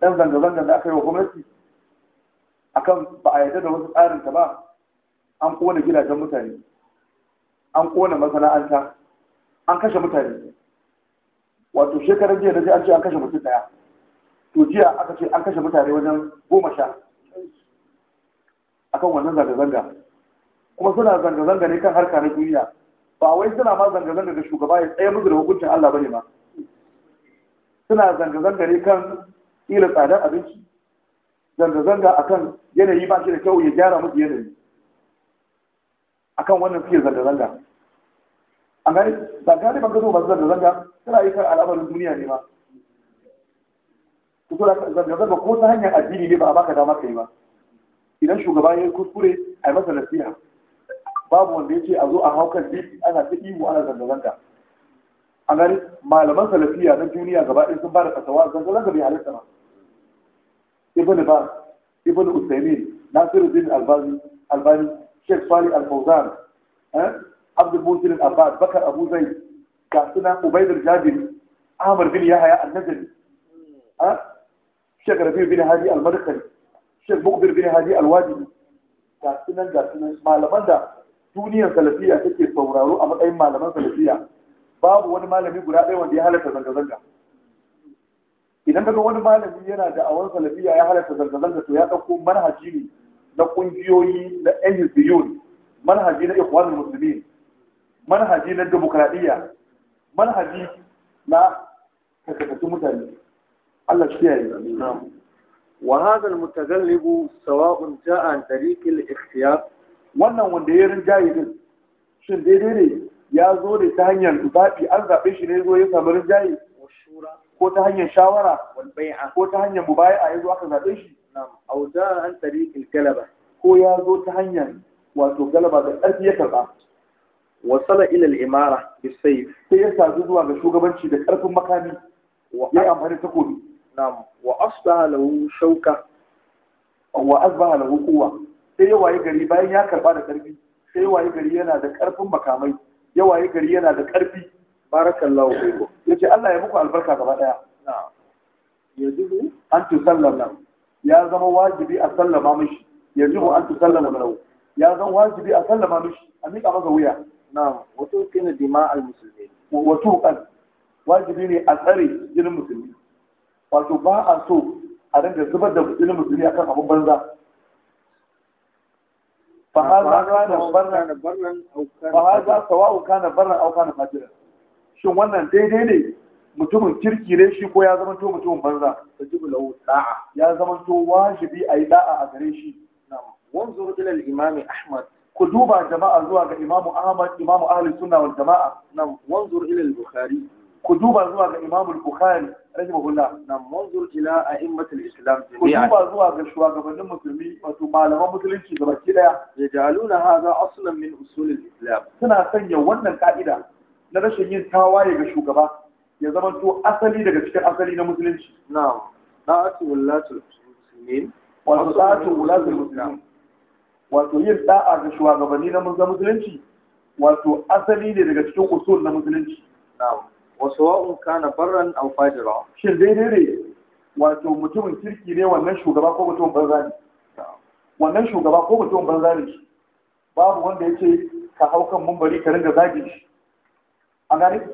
dan zanga zanga da aka yi wa gwamnati akan ba a yarda da wasu tsarin ta ba an kona gidajen mutane an kona masana'anta an kashe mutane wato shekarar jiya da ji an ce an kashe mutum daya to jiya aka ce an kashe mutane wajen goma sha akan wannan zanga-zanga kuma suna zanga-zanga ne kan harka na duniya ba wai suna ma zanga-zanga da shugaba ya tsaye musu da hukuncin Allah bane ma suna zanga-zanga ne kan ila tsadar abinci zanga-zanga akan yanayi ba shi da kyau ya gyara musu yanayi akan wannan fiye zanga-zanga an gani ba gane ba masu zanga-zanga tana yi kan al'amarin duniya ne ma kusa zanga-zanga ko ta hanyar addini ne ba a baka dama ka yi ba idan shugaba ya yi kuskure a yi masa nasiha babu wanda ya ce a zo a hau kan titi ana ta ihu ana zanga-zanga a gani malaman salafiya na duniya gaba ɗaya sun ba da kasawa zanga-zanga bai halitta ba ibn ba ibn usaimin din albani albani Sheikh Fali Al-Fawzan eh, Abdul Musin Al-Abbas Bakar Abu Zaid ga suna Ubaidul Jabiri Ahmad bin Yahaya An-Najmi eh, Sheikh Rabi bin Hadi Al-Madkhali Sheikh Mukbir bin Hadi Al-Wajibi ga sunan malaman da duniyar salafiya take sauraro a matsayin malaman salafiya babu wani malami guda ɗaya wanda ya halatta zanga-zanga idan kaga wani malami yana da awon salafiya ya halatta zanga-zanga to ya ɗauko manhaji ne na kungiyoyi na yan manhaji na ikhwanul muslimin manhaji na demokradiyya manhaji na karkatattun mutane Allah shi yayi wa hadha al sawa'un ja'a an tariq al-ikhtiyar wannan wanda ya rin jayi din shin daidai ne ya zo da ta hanyar zaɓi an zaɓe shi ne zo ya samu jayi? ko ta hanyar shawara ko ta hanyar mubaya ya zo aka zaɓe shi au da an tariqil galaba ko ya zo ta hanyar wato galaba da ƙarfi ya karɓa wasala ila al-imara bisayf sai ya sadu zuwa ga shugabanci da ƙarfin makami ya amfani takobi na'am wa asbaha lahu shauka wa asbaha lahu quwwa sai ya waye gari bayan ya karɓa da ƙarfi sai ya waye gari yana da ƙarfin makamai ya waye gari yana da ƙarfi barakallahu fiku yace Allah ya muku albarka gaba daya na'am yajibu an tusallama ya zama wajibi a sallama mishi yanzu an ta sallama lahu ya zama wajibi a sallama mishi a miƙa masa wuya na'am wato kina dima al musulmi wato kan wajibi ne a tsare jinin musulmi wato ba a so a dinga zubar da jinin musulmi akan abin banza فهذا سواء kana برا او كان فاجرا shin wannan daidai ne mutumin kirki ne shi ko ya zama to mutumin banza tajibu lahu da'a ya zama to wajibi ayi da'a a gare shi wanzur ila al-imam ahmad ku duba jama'a zuwa ga imamu ahmad imamu ahli sunna wal jama'a nam wanzur ila al-bukhari ku duba zuwa ga imamu al-bukhari rahimahullah nam wanzur ila a'immat al-islam jami'a ku duba zuwa ga shugabannin musulmi wato malaman musulunci gabaki daya yajaluna hadha aslan min usul al-islam suna sanya wannan ka'ida na rashin yin tawaye ga shugaba ya zama to asali daga cikin asali na musulunci na da'atu wallatul muslimin wato da'atu wallatul musulunci. wato yin da'a ga shugabanni na musulunci wato asali ne daga cikin usul na musulunci na wa sawa'un kana barran aw fajira shin daidai ne wato mutumin kirki ne wannan shugaba ko mutumin banza ne wannan shugaba ko mutumin banza ne babu wanda ce ka hau kan mumbari ka ringa zagin shi a gane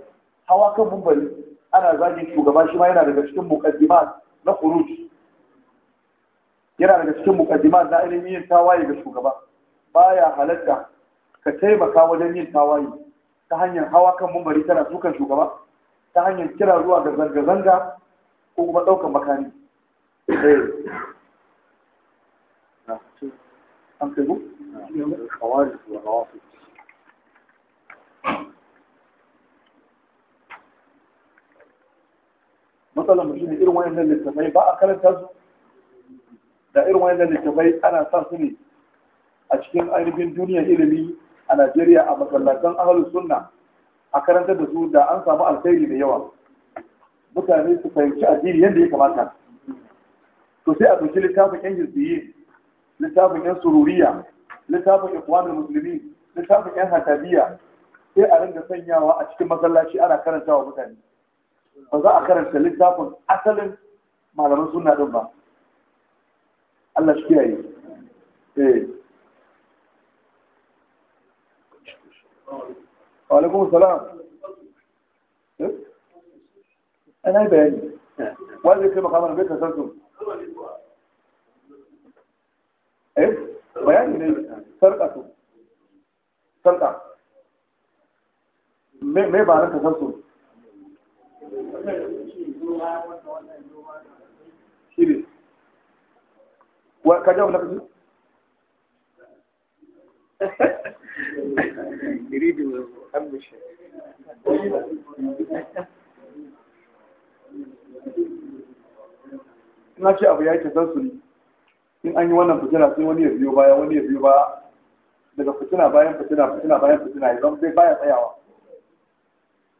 hawa kan mumbari ana zagin shugaba shi ma yana daga cikin muqaddimat na kuruj yana daga cikin muqaddimat na ilimin yin tawaye ga shugaba baya halatta ka taimaka wajen yin tawaye ta hanyar hawa kan mumbari tana sukan shugaba ta hanyar kira zuwa ga zanga-zanga ko kuma ɗaukar makami eh. an kai matsalar mutum ne irin wayannan littafai ba a karanta su da irin wayannan littafai ana sa su ne a cikin ainihin duniya ilimi a Najeriya a masallatan ahalus sunna a karanta da su da an samu alkhairi da yawa mutane su fahimci addini yadda ya kamata to sai a ɗauki littafin yan hizbiyi littafin yan sururiya littafin ikwanul musulmi littafin yan hatabiya sai a ringa sanyawa a cikin masallaci ana karantawa mutane ba za a karanta littafin asalin malaman suna din ba Allah shi kiyaye eh wa alaikum salam ana bayani wanda kai makamar bai kasarsu eh bayani ne sarka su sarka me ba na kasarsu shiri ka jawo lafi يريد أم na ce abu ya yi san su in an yi wannan fitina sai wani ya biyo baya wani ya biyo ba, daga fitina bayan fitina fitina bayan fitina ya zama sai baya tsayawa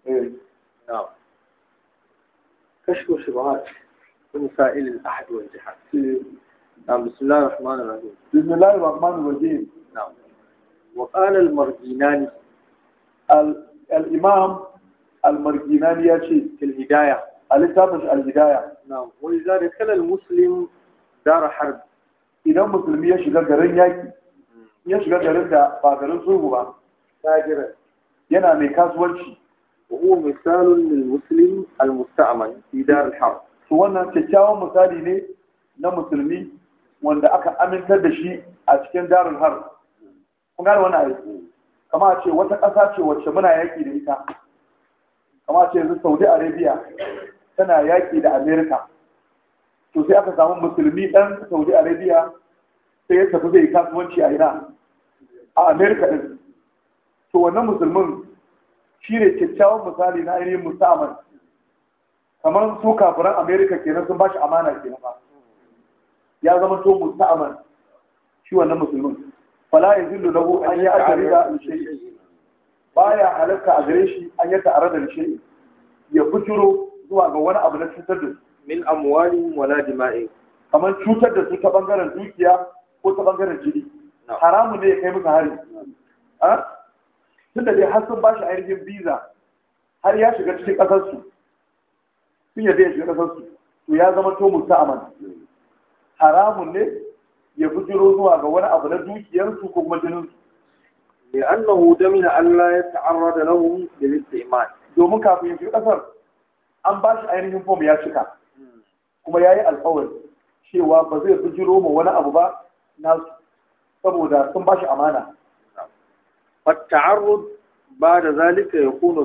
eh كشف الشبهات ومسائل الأحد والجهاد نعم بسم الله الرحمن الرحيم بسم الله الرحمن الرحيم نعم وقال المرجيناني ال... الإمام المرجيناني يأتي في الهداية الكتابش الهداية نعم وإذا دخل المسلم دار حرب إذا مسلم يشغل غرين يأتي يشغل غرين دا با غرين سوه با تاجر yana mai kasuwanci وهو مثال للمسلم المستعمل في دار الحرب wannan kyakkyawan misali ne na musulmi wanda aka amintar da shi a cikin darul har kun gane a ce wata ƙasa ce wacce muna yaƙi da ita kama a ce yanzu saudi arabia tana yaƙi da amerika to sai aka samu musulmi ɗan saudi arabia sai ya tafi zai kasuwanci a ina a amerika ɗin to wannan musulmin shi ne kyakkyawan misali na ainihin musamman kamar su kafiran amerika kenan sun ba shi amana kenan ba ya zama to musamman shi wannan musulmin fala ya zillu lahu an yi akari da shay'i baya halarta a gare shi an yi ta'ara da shay'i ya bujuro zuwa ga wani abu na cutar da su min amwalihim wala jima'i kamar cutar da su ta bangaren dukiya ko ta bangaren jini haramun ne ya kai musu hari Tunda dai har sun ba shi ainihin biza har ya shiga cikin ƙasarsu sun yadda ya shiga ƙasarsu to ya zama to mana. haramun ne ya bujiro zuwa ga wani abu na dukiyarsu ko kuma jininsu لأنه دمن أن لا يتعرض لهم للاستئمان domin kafin ya shiga kasar an ba shi ainihin fom ya cika kuma ya yi alkawari cewa ba zai bujiro ma wani abu ba nasu saboda sun ba shi amana فالتعرض بعد ذلك يكون ya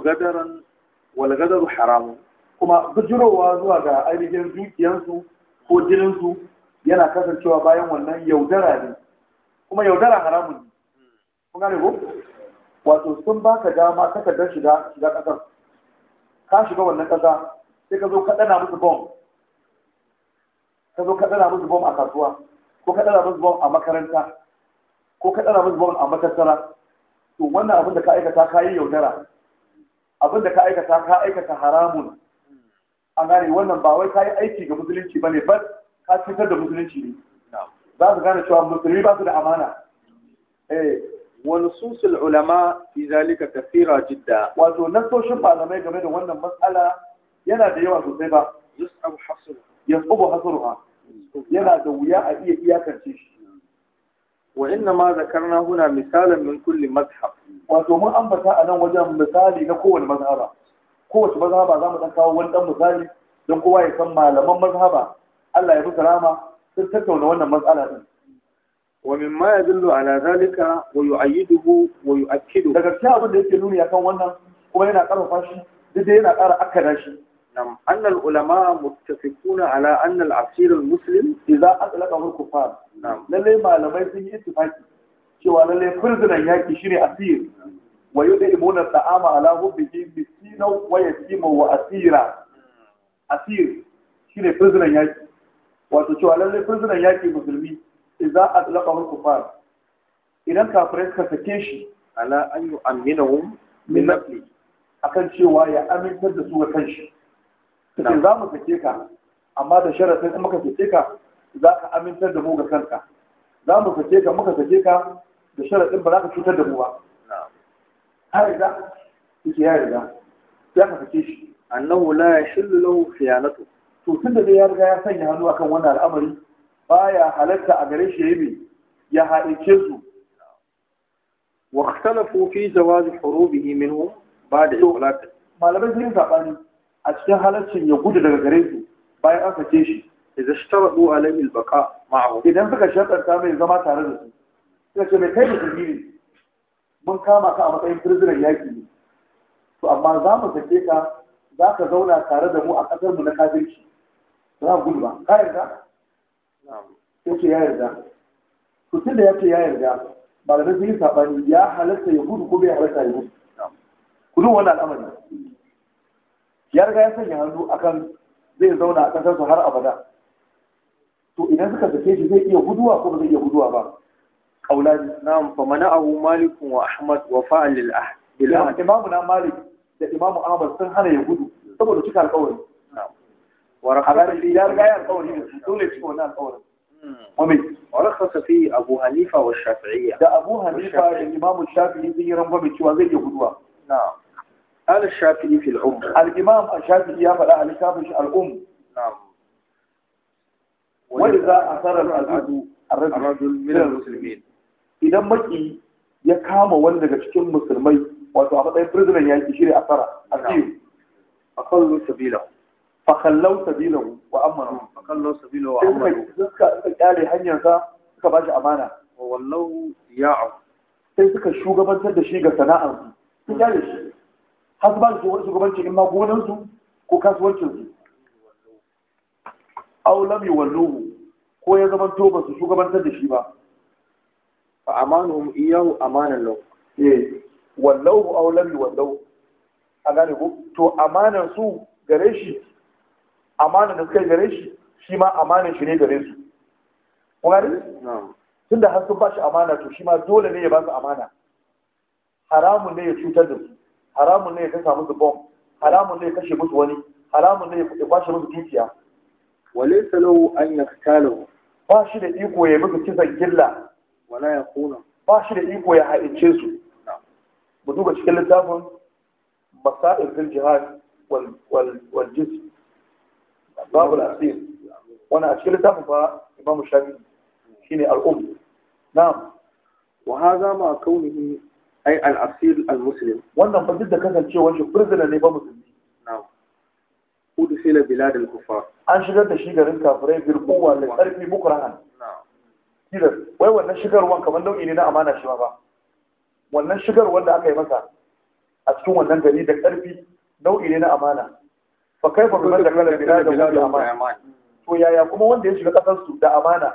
والغدر gadaran كما gadaru haramun kuma bijirowa zuwa ga ainihin dukiyansu ko jininsu yana kasancewa bayan wannan yaudara ne kuma yaudara haramun ne kun gane ko wato sun baka dama dan shiga shiga kasar ka shiga wannan kasa sai ka zo ka dana musu bom ka zo ka dana musu bom a kasuwa ko ka dana musu bom a makaranta ko ka dana musu bom a matattara to wannan abin da ka aikata ka yi yaudara abin da ka aikata ka aikata haramun an gane wannan ba wai ka yi aiki ga musulunci ba ne ba ka cutar da musulunci ne za su gane cewa musulmi ba su da amana Wani eh ونصوص العلماء في ذلك كثيرة جدا wato nasoshin malamai game da wannan matsala yana da yawa sosai ba yas'abu hasruha yana da wuya a iya iyakance shi wa inna ma zakarna huna misali min kulli mazhab wato mun ambata a nan wajen misali na kowane mazhaba kowace mazhaba za mu dan kawo wani dan misali don kowa ya san malaman mazhaba Allah ya fi rama sun tattauna wannan matsala din wa mimma yadullu ala zalika wa yu'ayyiduhu wa yu'akkidu daga cikin abin da yake nuni akan wannan kuma yana karfafa shi duk yana ƙara akkada shi nam annal ulama muttafiquna ala anna al-asir al-muslim idza atlaqa al-kufar lallai malamai sun yi ittifaki cewa lallai firzinan yaƙi shine asir wa yud'imuna ta'ama ala hubbihi miskina wa yatima wa asira asir shine firzinan yaƙi wato cewa lallai firzinan yaƙi musulmi idza atlaqahu kufar idan kafirai suka sake shi ala an yu'minahum min nafli akan cewa ya amintar da su ga kanshi sai za mu sake ka amma da sharaɗin in muka sake ka za ka amintar da mu ga kanka za mu sake ka muka sake ka da sharaɗin ba za ka cutar da mu ba ya riga yake ya riga ya ka sake shi annahu la yashillu lahu khiyanatu to tun da ya riga ya sanya hannu akan wannan al'amari baya halatta a gare shi yayi ya haɗice su wa ikhtalafu fi jawaz hurubihi minhu ba'da iqlaq malamai sun zaɓani a cikin halaccin ya gudu daga gare su bayan an sake shi إذا اشترطوا عليه البقاء معه إذا فك da su sai ce mai kai musulmi ne mun kama ka a matsayin prisoner yaki ne to amma za mu sake ka za ka zauna tare da mu a ƙasar mu na kafirci za mu gudu ba ka yarda sai ce ya yarda to ya ce ya yarda malamai sun yi saɓani ya halatta ya gudu ko bai halatta ya gudu gudun wannan al'amari ya ya sanya hannu akan zai zauna a ƙasarsu har abada to idan suka sake shi zai iya guduwa ko ba zai iya guduwa ba qaulani na'am fa mana'ahu malik wa ahmad wa fa'al lil ahd bil imamu na malik da imamu ahmad sun hana ya gudu saboda cika alƙawari wa rakhasa fi ya ga alƙawari da dole cika wannan alƙawari ومن ورخص فيه أبو حنيفة والشافعية ده أبو حنيفة الإمام الشافعي زي رمضان بتشوى زي قدوة نعم قال الشافعي في الأم الإمام الشافعي يا فلا الكافش الأم نعم وإذا أثر العدو الرجل من المسلمين إذا مكي ya kama wani daga cikin musulmai wato a matsayin prisoner ya yi shiri a tsara a cikin a kallon sabila fa kallon sabila wa amanu fa kallon sabila wa amanu suka suka kyale hanyarsa suka bashi amana wa wallahu ya'u sai suka shugabantar da shi ga sana'ar su sun kyale shi har su ba shi shugabanci in ma gonan su ko kasuwancin su aw lam yuwalluhu ko ya zama to ba su shugabantar da shi ba fa amanuhum iyahu amanan lahu eh wallahu aw lam yuwallahu a gane ko to amanan su gare shi amanan da suka gare shi shi ma amanan shi ne gare su ko gane tunda har sun ba shi amana to shi ma dole ne ya ba su amana haramun ne ya cutar da su haramun ne ya kasa musu bom haramun ne ya kashe musu wani haramun ne ya kwashe musu dukiya wale salau an yi kitalahu ba shi da iko ya musu kisan gilla wala ya kuna ba shi da iko ya haɗince su mu duba cikin littafin masa'ir fil jihad wal jiz babu al-asir wannan a cikin littafin ba imamu shafi shine al-um na'am wa hadha ma kaunihi ay al-asir al-muslim wannan ba duk da kasancewar shi prisoner ne ba musulmi na'am udkhila bilad al-kufar an shigar da shi garin kafirai birkowa da ƙarfi bukurhan tilas wai wannan shigarwan kamar nau'i ne na amana shi ba wannan shigar wanda aka yi masa a cikin wannan gari da ƙarfi nau'i ne na amana fa kai fa biman da kala bila da wani amana to yaya kuma wanda ya shiga ƙasar su da amana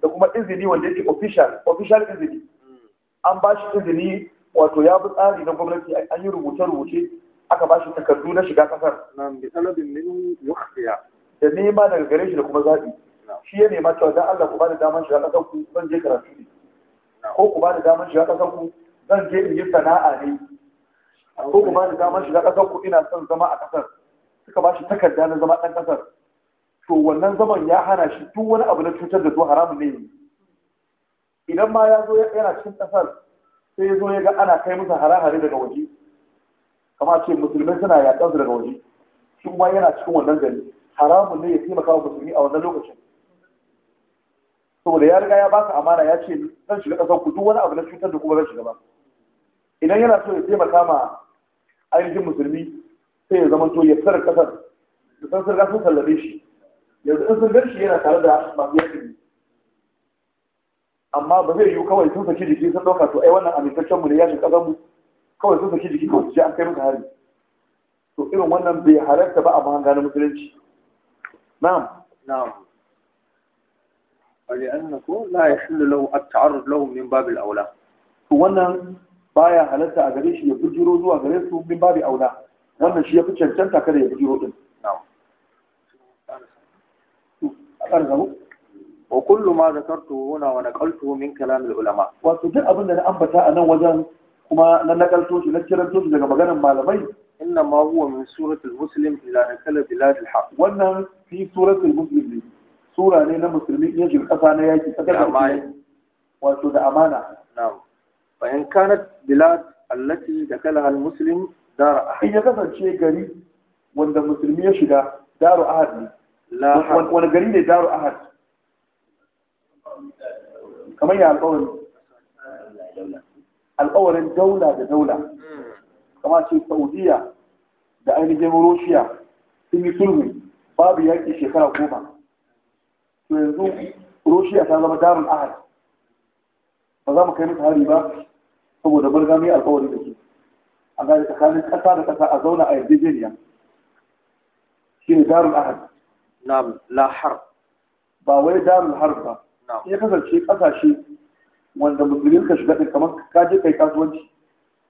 da kuma izini wanda yake official official izini hmm. an ba shi izini wato ya bi tsari na gwamnati an yi rubuce-rubuce aka ba shi takardu na shiga kasar nan bi talabin min yukhfiya da nema daga gare shi da kuma zaɓi. shi ya nema cewa dan Allah ku ba da damar shiga kasar ku zan je karatu ne ko ku ba da damar shiga kasar ku zan je in yi sana'a ne ko ku ba da damar shiga kasar ku ina son zama a kasar suka ba shi takarda na zama ɗan kasar to wannan zaman ya hana shi duk wani abu na cutar da zuwa haramun ne idan ma ya zo yana cikin kasar sai ya zo ya ga ana kai musu hare-hare daga waje kamar ce musulmai suna yaƙar su daga waje shi kuma yana cikin wannan gari haramun ne ya taimaka wa musulmi a wannan lokacin saboda ya riga ya ba su amana ya ce zan shiga ƙasar ku duk wani abu na cutar da kuma zan shiga ba idan yana so ya taimaka ma ainihin musulmi sai ya zama to ya tsara ƙasar da san sun sun sallame shi yanzu in sun gan shi yana tare da masu yaƙi amma ba zai yiwu kawai sun saki jiki sun ɗauka to ai wannan amintaccen mu ne ya shiga ƙasar mu kawai sun saki jiki kawai an kai masa hari to irin wannan bai halarta ba a mahanga na musulunci na'am na'am ولأنه lau a له lau min من aula to wannan baya halarta a gare shi ya bujiro zuwa gare su min babi aula wannan shi ya fi cancanta kada ya bujiro din wa kullu ma zakartu huna wa naqaltu min kalam al ulama wato duk abin na ambata a nan wajen kuma na nakalto shi na kiranto shi daga maganar malamai inna ma huwa min suratul muslim ila nakala bilad al haq wannan fi suratul muslim ne sura ne na musulmi ya shiga kasa na yaki da amana wato da amana na'am fa in kanat bilad allati dakalaha al muslim dar ahad ya kasance gari wanda musulmi ya shiga daru ahad ne wani gari ne daru ahad kamar ya alƙawari alƙawarin daula da daula kamar ce saudiya da ainihin russia sun yi sulhu babu yaƙi shekara goma to yanzu russia ta zama darul ahad ba za mu kai mata hari ba saboda burgami alƙawarin da su a gani tsakanin ƙasa da ƙasa a zauna a yarjejeniya shi ne darul ahad na lahar ba wai darul har ba ya kasance ƙasashe wanda musulmi ka shiga ɗin kamar ka je kai kasuwanci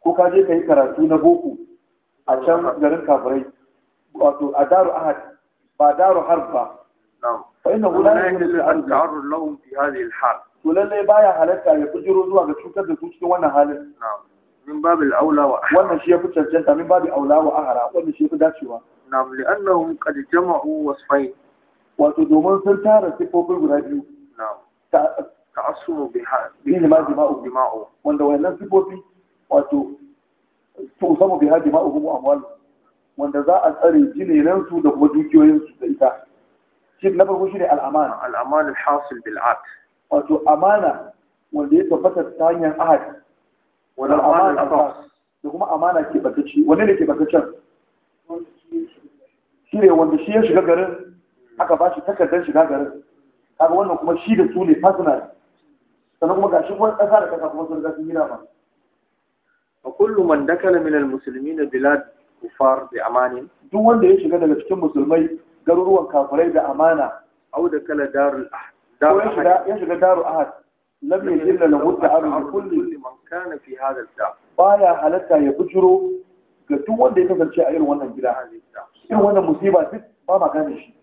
ko ka je kai karatu na boko a can garin kafirai wato a daru ahad ba daru har ba fa inna hu la yajuzu an ta'arru lahum fi hadhihi al-hal to lalle baya halatta ya kujiro zuwa ga cutar da su cikin wannan halin min babil aula wa wannan shi yafi cancanta min babil aula wa ahara wannan shi yafi dacewa na'am li'annahum qad jama'u wasfayn wato domin sun tara sifofin guda biyu na'am asuru bihi ma jima'u jima'u wanda wayannan sifofi wato to samu biha jima'u kuma amwal wanda za a tsare jineran su da kuma dukiyoyin su da ita shi na farko shine al-aman al-aman al-hasil bil aqd wato amana wanda ya tabbata ta hanyar ahad wala amana da kuma amana ke bakaci wanne ne ke bataccen shi ne wanda shi ya shiga garin aka ba shi takardar shiga garin kaga wannan kuma shi da su ne personal sannan kuma gashi kuma ƙasa da ƙasa kuma sun riga sun gina ba fa kullu man dakala min al muslimin bilad kufar bi amanin duk wanda ya shiga daga cikin musulmai garuruwan kafirai da amana au da kala darul ah, ahad ya shiga darul ahad lam yajid lahu ta'arruf kulli man kana fi hadha al-dar baya halatta ya bujuro ga duk wanda ya kasance a irin wannan gida irin wannan musiba duk ba ma gane shi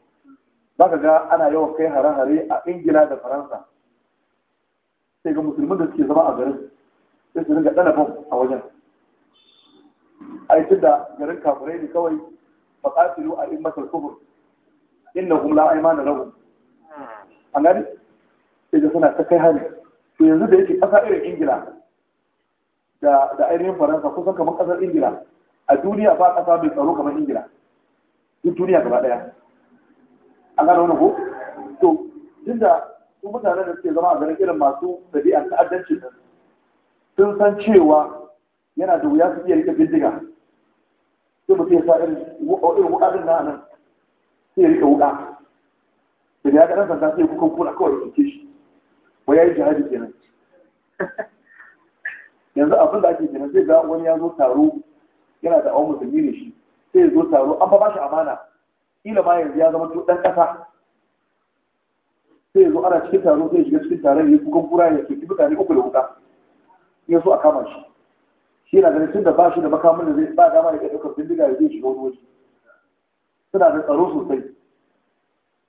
ka ga ana yawan kai hare-hare a Ingila da Faransa sai ga musulman da suke zama a garin sai su ringa ɗana a wajen aikin da garin kafirai ne kawai ba a immatul kufr innahum la da lahum a gani sai ga suna ta kai hari to yanzu da yake ƙasa irin ingila da da ainihin faransa kusan kamar ƙasar ingila a duniya ba ƙasa mai tsaro kamar ingila duk duniya gaba ɗaya a gano wani ko to tunda su mutanen da suke zama a garin irin masu ɗabi'ar ta'addancin nan sun san cewa yana da wuya su iya rike bindiga sai mutum ya sa irin wuɗaɗin na nan sai ya rike wuƙa da ya ga ɗan sanda sai kuka kuna kawai ya shi wai ya yi jihadi kenan yanzu abin da ake kenan sai ga wani ya zo taro yana da awon musulmi ne shi sai ya zo taro an ba shi amana kila ma yanzu ya zama ɗan ƙasa sai yanzu ana cikin taro sai shiga cikin taron ya kukan kura ya ke soki mutane uku da wuta ya so a kama shi shi yana ganin tun da ba shi da makamun da zai ba dama ya kai ɗaukar bindiga ya zai shiga wani waje suna da tsaro sosai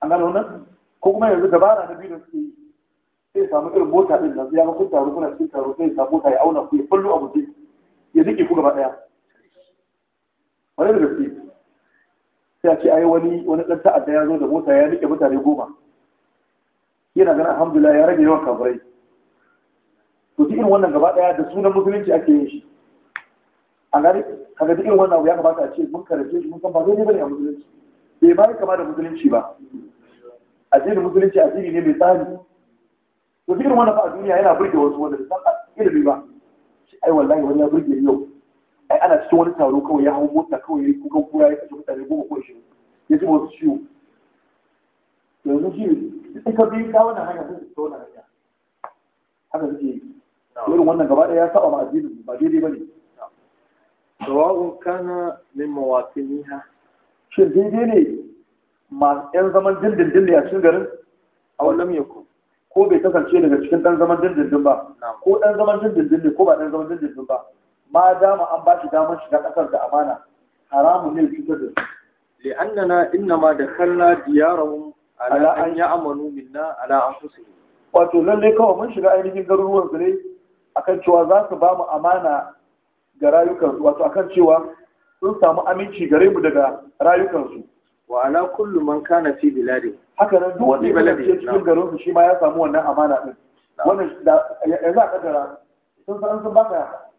an gano nan ko kuma yanzu dabara na biyu da suke yi sai samu irin mota ɗin nan ya ga kun taro kuna cikin taro sai samu mota ya auna ku ya fallo a guje ya zike ku gaba ɗaya wani da gaske sai a ce ai wani wani ɗan ta'adda ya zo da mota ya nike mutane goma yana ganin alhamdulillah ya rage yawan kafirai to duk wannan gaba daya da sunan musulunci ake yin shi a gari kaga duk wannan abu ya kamata a ce mun karatu shi mun san ba ne bane a musulunci bai ba kama da musulunci ba A addinin musulunci a ne mai tsari to duk wannan ba a duniya yana burge wasu wanda da san ilimi ba ai wallahi wani ya burge yau ai ana cikin wani taro kawai ya hau mota kawai ya yi kukan kura ya kashe mutane goma ko ishirin ya ji wasu ciwo yanzu shi duk ka bi ka wannan hanyar sai su wannan hanya haka suke yi irin wannan gaba ɗaya ya saba ma addinin ba daidai ba ne sawa'un kana min mawaqiniha shin daidai ne ma yan zaman dindindin ne a cikin garin a wannan yakun ko bai kasance daga cikin ɗan zaman dindindin ba ko ɗan zaman dindindin ne ko ba ɗan zaman dindindin ba ma dama an ba shi damar shiga ƙasar da amana haramun ne cutar da su li'annana innama dakhalna diyarahum ala an ya amanu minna ala anfusihim wato lalle kawai mun shiga ainihin garuruwan su ne akan cewa za su ba mu amana ga rayukansu wato akan cewa sun samu aminci gare mu daga rayukansu wa ala kullu man kana fi biladi haka nan duk wanda ya kasance cikin garin su shi ma ya samu wannan amana din wannan da yanzu a kadara sun san sun baka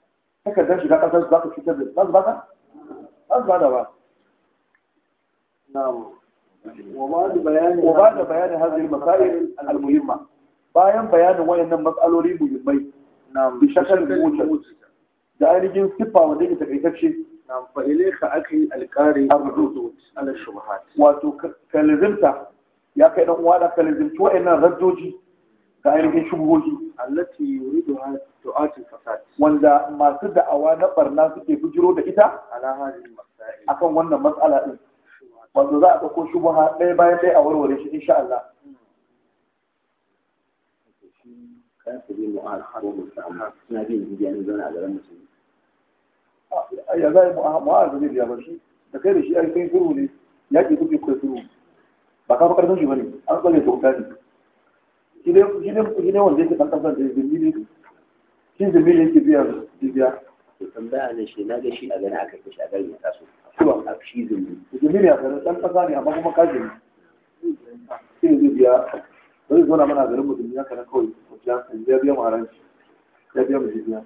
takardar shiga kasar su za ka fitar da za su baka za su bada ba na'am وبعد بيان هذه المسائل المهمة bayan bayanin wayannan matsaloli muhimmai na bi shakal mujaz da ainihin siffa wanda yake takaitacce na'am fa wato kalizinta ya kai ɗan uwa kalizinta kalizimci wayannan raddoji ga ainihin shubuhohi wanda masu da'awa na barna suke bujiro da ita akan wannan matsala din wato za a ɗauko shubuha ɗaya bayan ɗaya a warware shi insha Allah suna bin indiya ne zaune a garin musulmi ya zai mu'ahar da zai biya ba shi da kai da shi ai kai zuru ne ya ke kuke kai zuru ba ka karfin shi ba ne, an tsare ta wuta ne shi ne shi ne shi ne wanda yake kankan da zimmi ne shi zimmi ne yake biya biya to tambaya ne shi na ga shi a gani aka kashe a gari ya taso ciwon a zai yi ne a tsarin ɗan ƙasa ne amma kuma kaji ne shi ne zai biya ba zai zauna mana garin na kawai biya mu ya biya mu jibiya.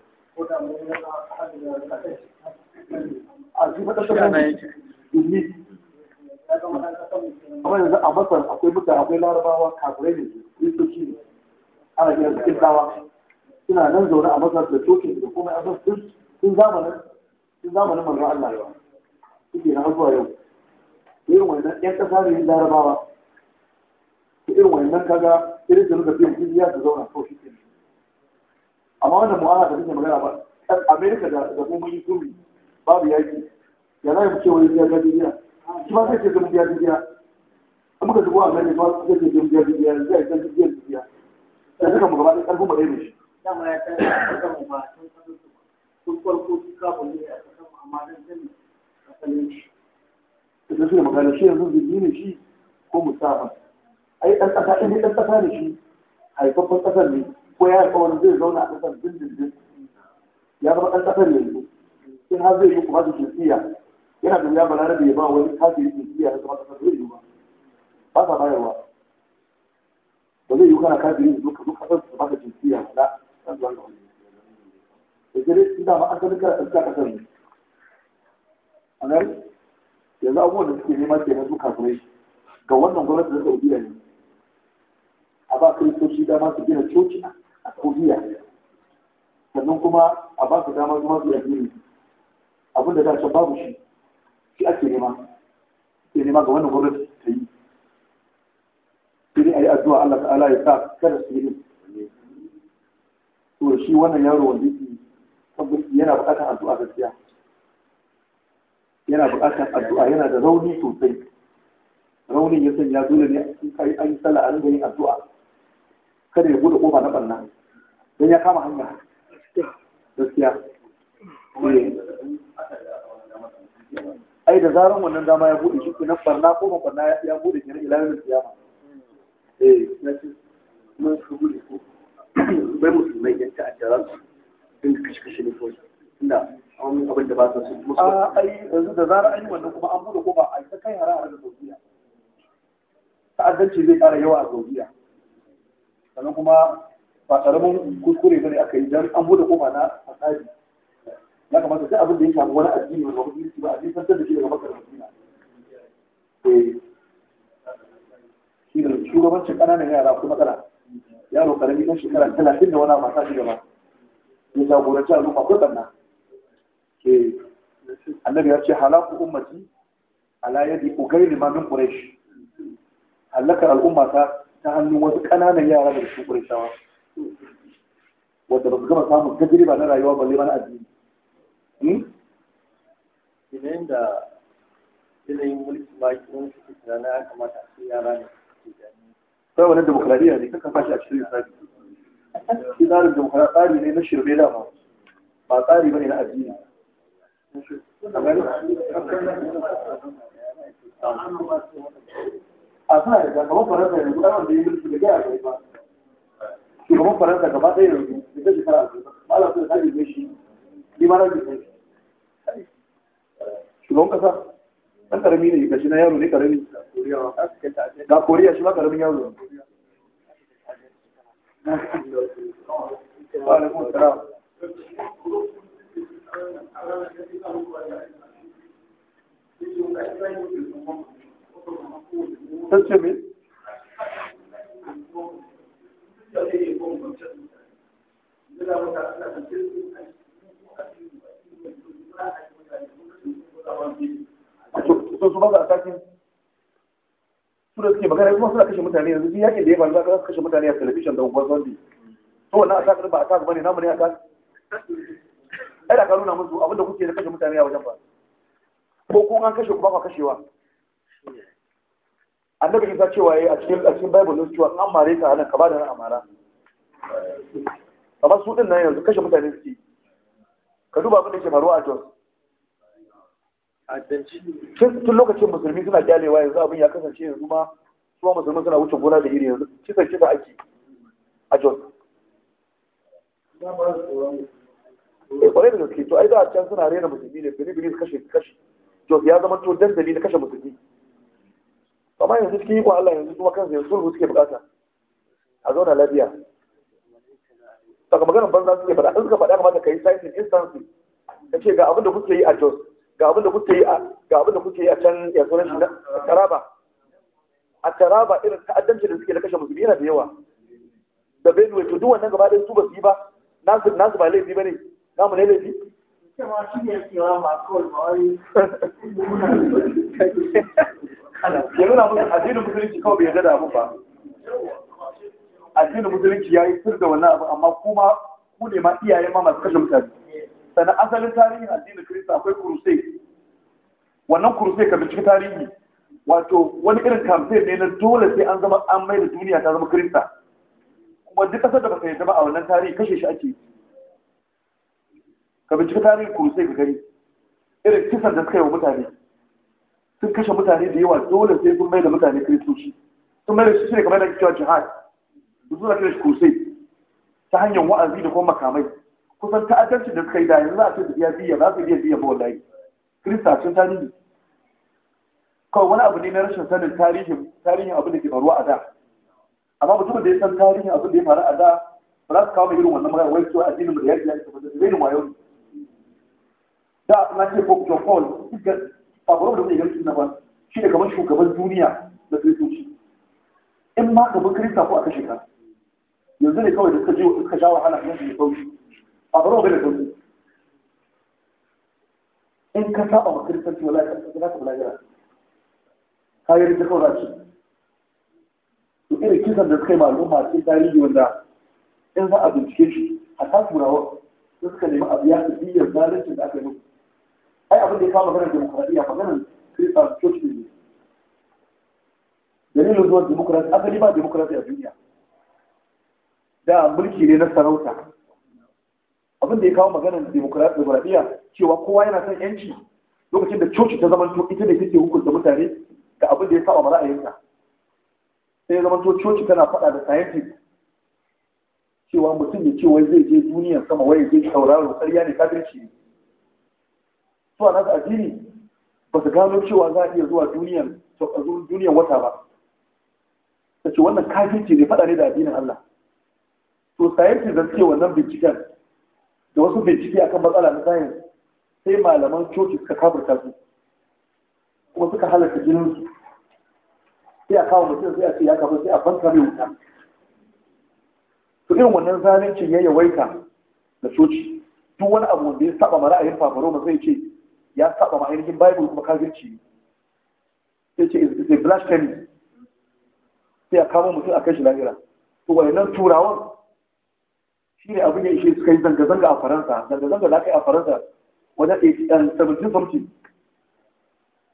a shi fata ta amma yanzu a masar akwai mutane akwai larabawa kafirai ne kristoci ne ana gina cikin suna nan zaune a masar da da kuma a sun zamanin sun zamanin manzo Allah yawa suke na zuwa yau irin wannan yan ƙasa ne larabawa irin wannan kaga irin da nuka biyan kuɗi ya su zauna kawai shi ne amma wannan mu'amala da kuke magana ba amerika da da kuma yi kuri babu yaki ya za mu ce wani biya ga duniya shi ma sai ce zama biya duniya an muka zubo amerika ba sai ce zama biya duniya zai ya san biya duniya da suka mu gaba da ƙarfin mu shi dama ya san da ba sun farko su kafin ne a kasan amma dan musulunci da suka magana shi yanzu zubi ne shi ko musamman ai ɗan ƙasa in ɗan ƙasa ne shi haifaffen ƙasar ne ko ya haifa wani zai zauna a ƙasar dindindin ya zama ɗan ƙasar ne in har zai yi kuma da jinsiya yana da ya balarabe ya ba wani kafin jinsiya na zama ƙasar zai yi ba ba sa bayarwa ba zai yi kana kafin yin zuka zuka ƙasar su baka jinsiya na ɗan zuwa ga wani da ke dai ba an sanin kana ɗan ƙasar ne a nan yanzu abubuwan da suke neman kenan su kafirai ga wannan gwamnati da saudiya ne a ba kiristoci dama su gina coci a saudiya sannan kuma a ba su dama zuwa su addini abin da can babu shi shi ake nema ake nema ga wannan gwamnati ta yi sai a yi addu'a Allah ta'ala ya sa kada su yi to shi wannan yaro wanda yake yana bukatar addu'a gaskiya yana buƙatar addu'a yana da rauni sosai raunin ya sanya dole ne in kai an yi sallah a rinka yin addu'a kada ya bude kofa na banna don ya kama hanya gaskiya eh. ai da zaran wannan dama ya bude shi na barna ko barna ya bude kenan ila yau kiyama eh mun su bude ko bai musulmai yan ta'addara din kashe kashe ne kawai tunda an abin da ba su musu a ai yanzu da zarar an yi wannan kuma an bude kofa a yi ta kai hare-hare da saudiya ta'addanci zai ƙara yawa a saudiya sannan kuma ba ƙaramin kuskure ba ne aka yi don an bude kofa na fasadi ya kamata sai abin da ya shafi wani addini wanda wani musulunci ba a ji santar da shi daga makar madina eh, shi da shugabancin ƙananan yara ko matsala yaro karami ɗan shekara talatin da wani mata shi gaba ya jagoranci al'umma ko ɓanna Eh, annabi ya ce halaku ummati ala yadi ugairi ma min quraish halaka al'umma ta ta hannun wasu ƙananan yara da su quraishawa wanda ba su gama samun tajriba na rayuwa balle ma na addini hmm? yanayin da yanayin mulki ma wani suke tunanin ya kamata a cikin yara ne suke jami'a wannan demokradiyya ne kakan fashi a cikin lissafi shi tsarin demokradiyya tsari ne na shirme dama ba tsari ba ne na addini a suna faransa yanzu ɗan shugaban faransa gaba ɗaya yanzu da ta shekara ba ala sun sani ne shi ni ma na jikin shugaban ƙasa ɗan ƙarami ne gashi na yaro ne ƙarami ga koriya shi ma ƙaramin yaro ne sun ce a da mutane yanzu duk yakin da ya faru za kashe mutane a talabishin da ugbar zondi to wannan a sakin ba a sakin ba ne namu ne a ai da ka nuna musu abinda kuke da kashe mutane a wajen ba ko kun an kashe ku ba ku kashewa annabi isa cewa yayi a cikin a cikin bible ne cewa an mare ka nan ka ba da nan amara amma su din nan yanzu kashe mutane suke ka duba abin da ke faruwa a Jos tun lokacin musulmi suna kyalewa yanzu abin ya kasance yanzu ma su musulmi suna wuce gona da iri yanzu kisa kisa ake a Jos eh kwarai da gaske to ai da can suna rena musulmi ne bini bini kashe kashe to ya zama to dandali na kashe musulmi amma yanzu cikin iko Allah yanzu kuma kansu yanzu sulhu suke bukata a zauna lafiya daga maganar banza suke faɗa in suka faɗa kamata ka yi instance ka ce ga abin da kuke yi a Jos ga abin da kuke yi a ga abin da kuke yi a can ya sunan shi na Taraba a Taraba irin ta'addanci da suke da kashe musulmi yana da yawa da Benue to duk wannan gaba ɗaya su ba su yi ba nasu nasu ba laifi ba ne namu ne laifi ya nuna musu addinin musulunci kawai bai yarda da abu ba addinin musulunci ya yi sir da wannan abu amma kuma ku ne ma iyayen ma masu kashe mutane sannan asalin tarihin addinin kirista akwai kurse. wannan kurse ka binciki tarihi wato wani irin kamfen ne na dole sai an zama an mai da duniya ta zama kirista kuma duk ƙasar da ba ta yarda ba a wannan tarihi kashe shi ake yi ka binciki tarihin sai ka gani irin kisan da suka yi wa mutane sun kashe mutane da yawa dole sai sun mai da mutane kristoci sun mai da shi ne kamar da cewa jihar su suna kira shi kurusai ta hanyar wa'azi da kuma makamai kusan ta'addancin da suka yi da yanzu za a ce da biya biya ba su biya biya ba wallahi kirista sun tarihi kawai wani abu ne na rashin sanin tarihin tarihin abin da ke faruwa a da amma mutumin da ya san tarihin abin da ya faru a da ba za su kawo mai irin wannan magana wai su addinin mu da ya ce ba da zai wayo ne da na ce ko John Paul duka babu da zai yankin na ba shi ne kamar shugaban duniya na kristoci in ma gaban kirista ko a kashe ka yanzu ne kawai da suka je suka sha wahala yanzu ne kawai babu da da kawai in ka saba ma kiristanci wala ka za ka balagira ka yi rikin kawai rashi to irin kisan da suka yi maluma masu tarihi wanda in za a bincike shi a ta turawa suka nemi abu ya su biyar zalincin da aka yi musu ai abin da ya kama maganar demokradiyya maganar kirista coci ne dalilin zuwan demokrasi asali ba demokrasi a duniya da mulki ne na sarauta abin da ya kawo maganar demokradiyya cewa kowa yana son yanci lokacin da coci ta zamanto ita ne take hukunta mutane ga abin da ya saba ra'ayinta sai zamanto coci tana faɗa da scientist cewa mutum ya ce wai zai je duniyar sama wai je sauraro ƙarya ne kafirci ne Suwa na nasu addini ba su gano cewa za a iya zuwa duniyan wata ba ta ce wannan kafirci ne faɗa ne da addinin Allah to sayanci zan ce wannan binciken da wasu bincike akan matsala na sayan sai malaman coci suka kafirta su kuma suka halarta jininsu sai a kawo mutum sai a ce ya kafa sai a banta mai wuta to irin wannan zalincin ya yawaita da coci duk wani abu da ya saba ma ra'ayin fafaro ba zai ce ya saba ma bible kuma kafirci sai ce is a blasphemy sai a kamo mutum a kai shi lahira to wayannan turawan shi ne abin ya ishe suka yi zanga-zanga a faransa zanga-zanga da aka yi a faransa wajen 17 eh, something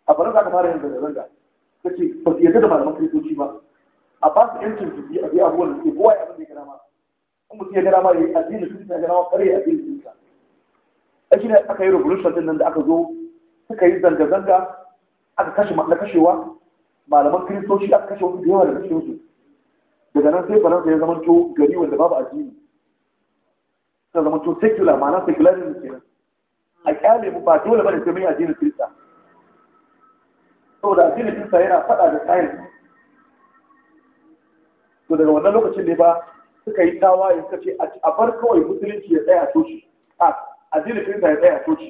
a faransa aka fara yin zanga-zanga ta ce ba su yarda da malaman kristoci ba a ba su yancin su yi abubuwan da ke kowa ya abin da ya gana ma kuma su ya gana ma ya yi addinin su ya gana ma kare ya addinin kristoci a shi ne aka yi revolution din nan da aka zo suka yi zanga-zanga aka kashe na kashewa malaman kiristoci aka kashe wasu da yawa daga cikin su daga nan sai faransa ya zama to gari wanda babu addini suka zama to secular ma'ana secularism ke a kyale mu ba dole bane sai mun yi addinin kirista saboda addinin kirista yana faɗa da science to daga wannan lokacin ne ba suka yi tawaye suka ce a bar kawai musulunci ya tsaya a coci a addinin da ya tsaya a coci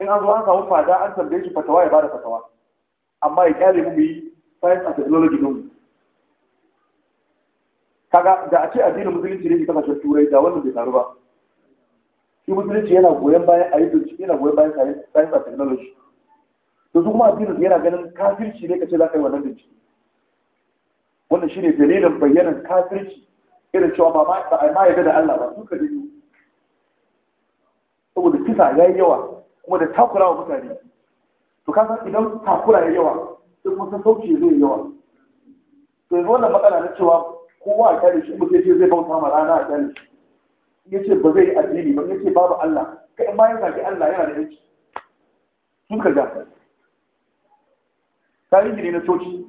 in an zo an samu fada an tambaye shi fatawa ya bada fatawa amma ya kyale mu yi science and technology don kaga da a ce addinin musulunci ne ke kasashen turai da wannan bai faru ba shi musulunci yana goyon bayan a yi yana goyon bayan science and technology to su kuma addinin yana ganin kafirci ne kace za ka yi wannan bincike wannan shine dalilin bayyanan kafirci irin cewa ba a ma yarda da Allah ba su ka dani saboda kisa ya yi yawa kuma da takura wa mutane to kasan idan takura ya yawa sai kuma sun sauke zai yi yawa to yanzu wannan matsala na cewa kowa a kyale shi in mutum ce zai bauta ma rana a kyale shi in ya ce ba zai yi addini ba in ya ce babu Allah kai in ma ya zaki Allah yana da yanci sun ka ja. tarihi ne na coci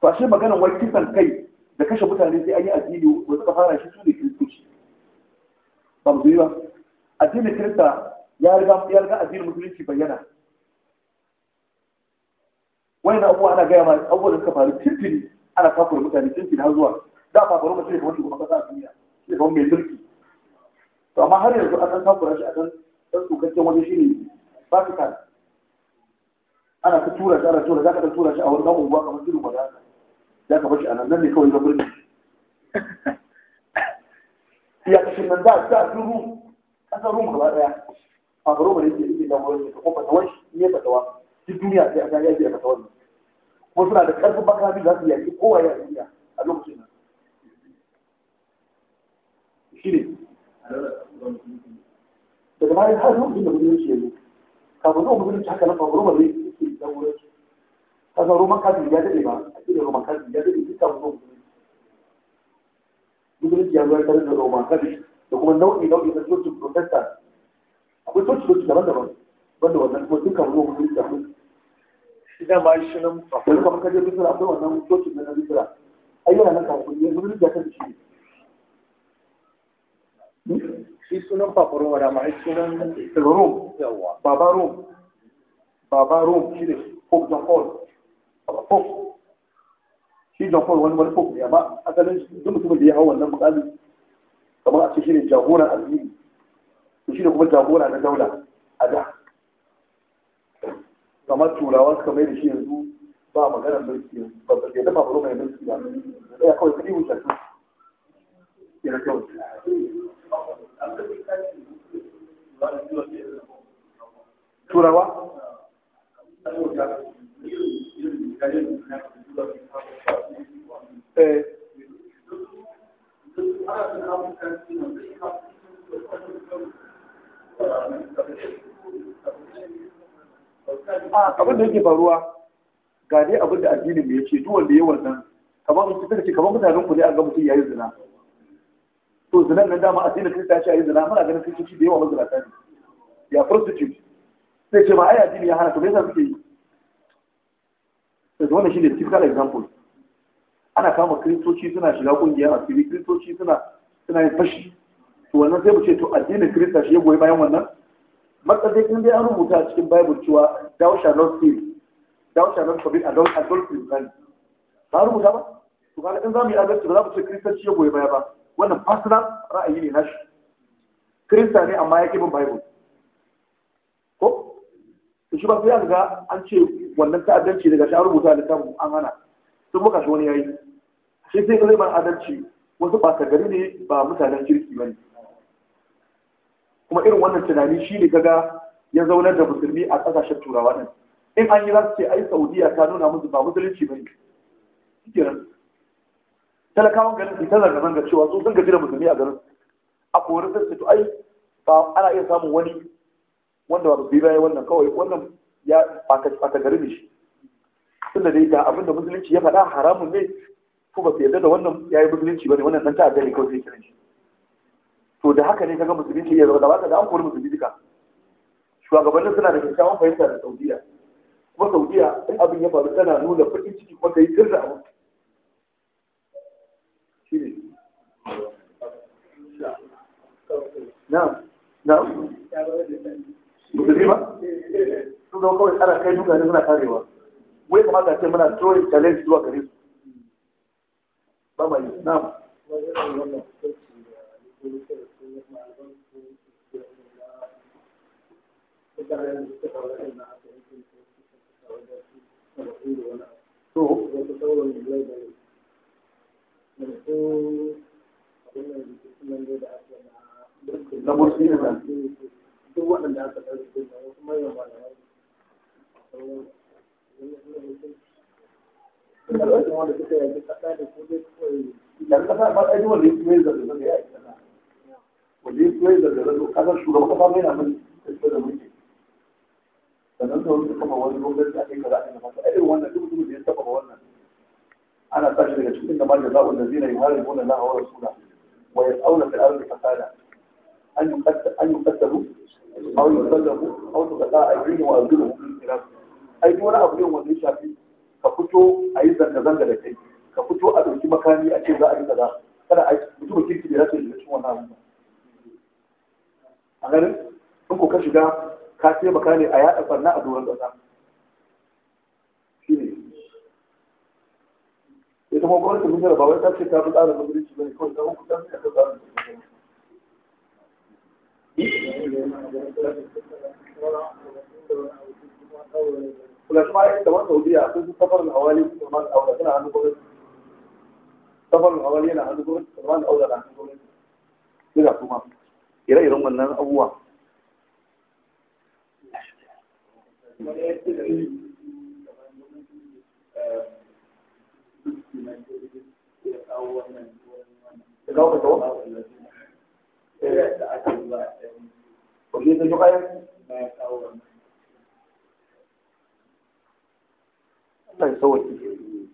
to ashe maganar wani kisan kai da kashe mutane sai an yi addini wanda suka fara shi su ne kiristoci ba mu ba addinin kirista ya riga ya riga addinin musulunci bayyana wani abubuwa ana gaya ma abubuwa da suka faru tintini ana da mutane tintini har zuwa da ba baro mutum ya kamar shugaban kasa a duniya shi kamar mai mulki to amma har yanzu an kafa da shi a kan dan tsokakken waje shi ne Vatican ana ta tura shi ana tura za ka tura shi a wani ɗan unguwa kamar tudun wadata za ka bar shi a nan nan ne kawai ga birni ya kashin da da duru kasar rum gaba daya a garo bari ke yake dan wani ko fata wani ne fata wani duk duniya sai an yaji aka tawani kuma suna da karfin makami za su yaki kowa ya duniya a lokacin nan shine daga bayan har lokacin da musulunci ya zo kafin zuwa musulunci haka nan faru bari ke dan wani kasar roman kafin ya dade ba a cikin roman kafin ya dade duk kafin zuwa musulunci musulunci ya bayar da roman kabi da kuma nau'i nau'i na cocin protestant akwai coci coci daban daban banda wannan kuma duka mu musulunci a mun shi ma shi nan akwai kuma kaje bisira akwai wannan cocin na bisira ayyana na kafin ne musulunci ya kan shi shi sunan fafaron wada ma ai sunan rom baba rom baba shi ne pope john paul pope shi da Paul wani wani ko ya ba asalin duk mutumin da ya hau wannan mukamin kamar a ce shi ne jagoran addini to shi ne kuma jagora na daula a da kamar turawa suka mai da shi yanzu ba magana mulki ba ba ya dafa buru mai mulki ba ya kawai kudi wuce su ya kawai turawa Eh. abin da yake faruwa ga dai abin da addinin mai ce duk da yawan nan kamar mutum suka ce kamar mutanen ku ne an ga mutum yayi zina to zinan nan dama addinin kirista ya yi zina muna ganin kristoci da yawa mazalata ne ya prostitute sai ce ma ai addini ya hana to me yasa suke yi da wannan shine typical example ana kama kristoci suna shiga kungiya a fili kristoci suna suna yin fashi to wannan sai mu ce to addinin krista shi ya goyi bayan wannan matsayin in dai an rubuta a cikin bible cewa thou shall not steal thou shall not commit adultery kan ba rubuta ba to kana in za mu yi adalci ba za mu ce shi ya goyi baya ba wannan personal ra'ayi ne nashi krista ne amma ya ki bin bible ko to shi ba sai an ga an ce wannan ta'addanci daga sha rubuta da tamu an hana sun muka shi wani yayi shi sai zai man adalci wasu ɓata gari ne ba mutanen kirki ba ne kuma irin wannan tunani shi ne kaga ya zaunar da musulmi a ƙasashen turawa nan. in an yi za su ce ai saudiya ta nuna musu ba musulunci ba ne kiran talakawan garin su tana gaban ga cewa su sun gaji da musulmi a garin a kori sun to ai ba ana iya samun wani wanda ba bi bayan wannan kawai wannan ya ɓata gari ne shi tun da dai ga abin da musulunci ya faɗa haramun ne ko ba su yarda da wannan ya yi musulunci ba ne wannan ɗan ta'adda ne kawai sai kiran shi to da haka ne kaga musulunci ya zama da ba da an kori musulmi duka shugabannin suna da kyakkyawan fahimta da saudiya kuma saudiya in abin ya faru tana nuna farin ciki kuma ta yi tirda abu na'am na musulmi ba sun zama kawai tsara kai duka ne suna karewa wai ce muna throwing challenge zuwa gare su ba ma yi na to na na duk waɗanda aka ɗauki da wasu malamai dan kasa ba ɗaya wanda ya fiye da zai ya aiki sana wanda ya fiye da zai kasar shugaban kasa mai na mai tafiye da mulki sannan sau da kama wani lokaci a kai kaza a kai masa irin wannan duk mutum da ya saba wannan ana sa shi daga cikin da mali za'u da zina yuharibuna Allah wa rasula wa yas'auna fil ardi fasada an yuqaddamu an yuqaddamu aw yuqaddamu aw tuqata aydihim wa arjuluhum min khilaf ai duk wani abu ne wanda ya shafi ka fito a yi zanga-zanga da kai ka fito a ɗauki makami a ce za a yi kaza kada a mutum kirki da ya ce shiga cikin wannan abu a ganin in ko ka shiga ka ce makami a yaɗa barna a doron ƙasa shi ne ita kuma gwamnati mun jira ba wai ta ce ta fi tsarin musulunci ba ne kawai ta hukunta ne a tsarin musulunci Thank you. kuma shi ma yake kamar saudiya sun fi safar hawali su aure suna hannu gwamnati safar hawali yana hannu gwamnati kamar aure na hannu gwamnati sai ga kuma eh, da wannan. kan sauki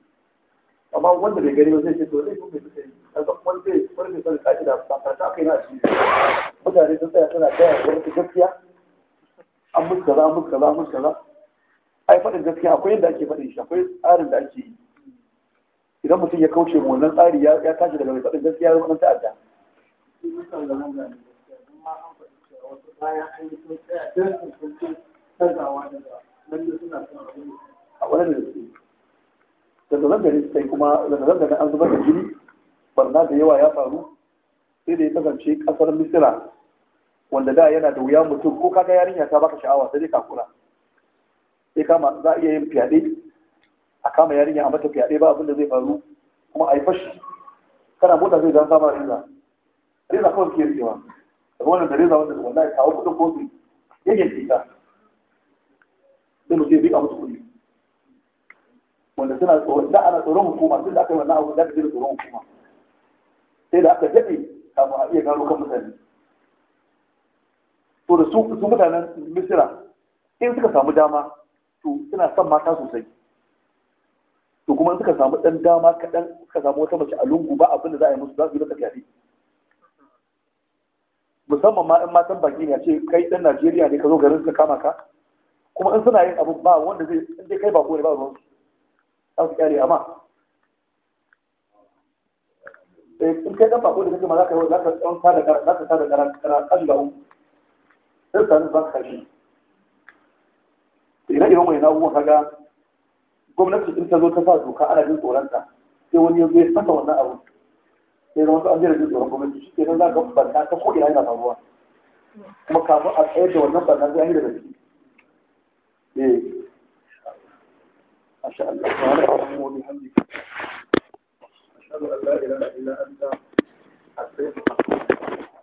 amma wanda bai gani ba zai ce to zai kuma bai gani daga wani zai wani bai sani ka'ida ba karta aka yi na shi mutane sun tsaya suna gaya wani ta gaskiya an musu kaza an musu kaza an musu kaza ai faɗin gaskiya akwai yadda ake faɗin shi akwai tsarin da ake yi idan mutum ya kauce mu wannan tsari ya tashi daga mai faɗin gaskiya ya zama ta'adda bayan an yi sun tsaya don sun sun sun canzawa daga wanda suna son abin a wani da su zanga zanga sai kuma zanga zanga an zubar da jini barna da yawa ya faru sai da ya kasance kasar misira wanda da yana da wuya mutum ko kaga yarinya ta baka sha'awa sai dai kakura sai kama za a iya yin fyaɗe a kama yarinya a mata fyaɗe ba abin da zai faru kuma a yi fashi kana mota zai zan kama riza riza kawai ke rikewa daga wannan da reza wanda wanda ya kawo kudin kofi ya yanke ta sai mutum ya bi a mutu kuɗi wanda suna tsoron da ana tsoron hukuma duk da aka yi wannan abu da ka jira tsoron hukuma sai da aka daɗe kafu a iya gano kan mutane to da su su mutanen misira in suka samu dama to suna son mata sosai to kuma suka samu dan dama kaɗan suka samu wata mace a lungu ba abin da za a yi musu za su yi masa fyaɗe. musamman ma in matan baki ne a ce kai dan Najeriya ne ka zo garin suka kama ka kuma in suna yin abu ba wanda zai in dai kai bako ne ba ruwan za su kyale amma eh, in kai dan bako da kake ma za ka yi za ka tsawon tada za ka tada gara gara kan da uku sai sanin za ka kashi ire iren wani abubuwan kaga gwamnati in ta zo ta sa doka ana jin tsoron ta. sai wani ya zo ya saka wannan abu sai zama su an jira jin tsoron gwamnati shi kenan za ka banta ta ko ina yana faruwa kuma kafin a tsayar da wannan barna sai an yi da ciki أشهد أن لا إله إلا أنت أستغفرك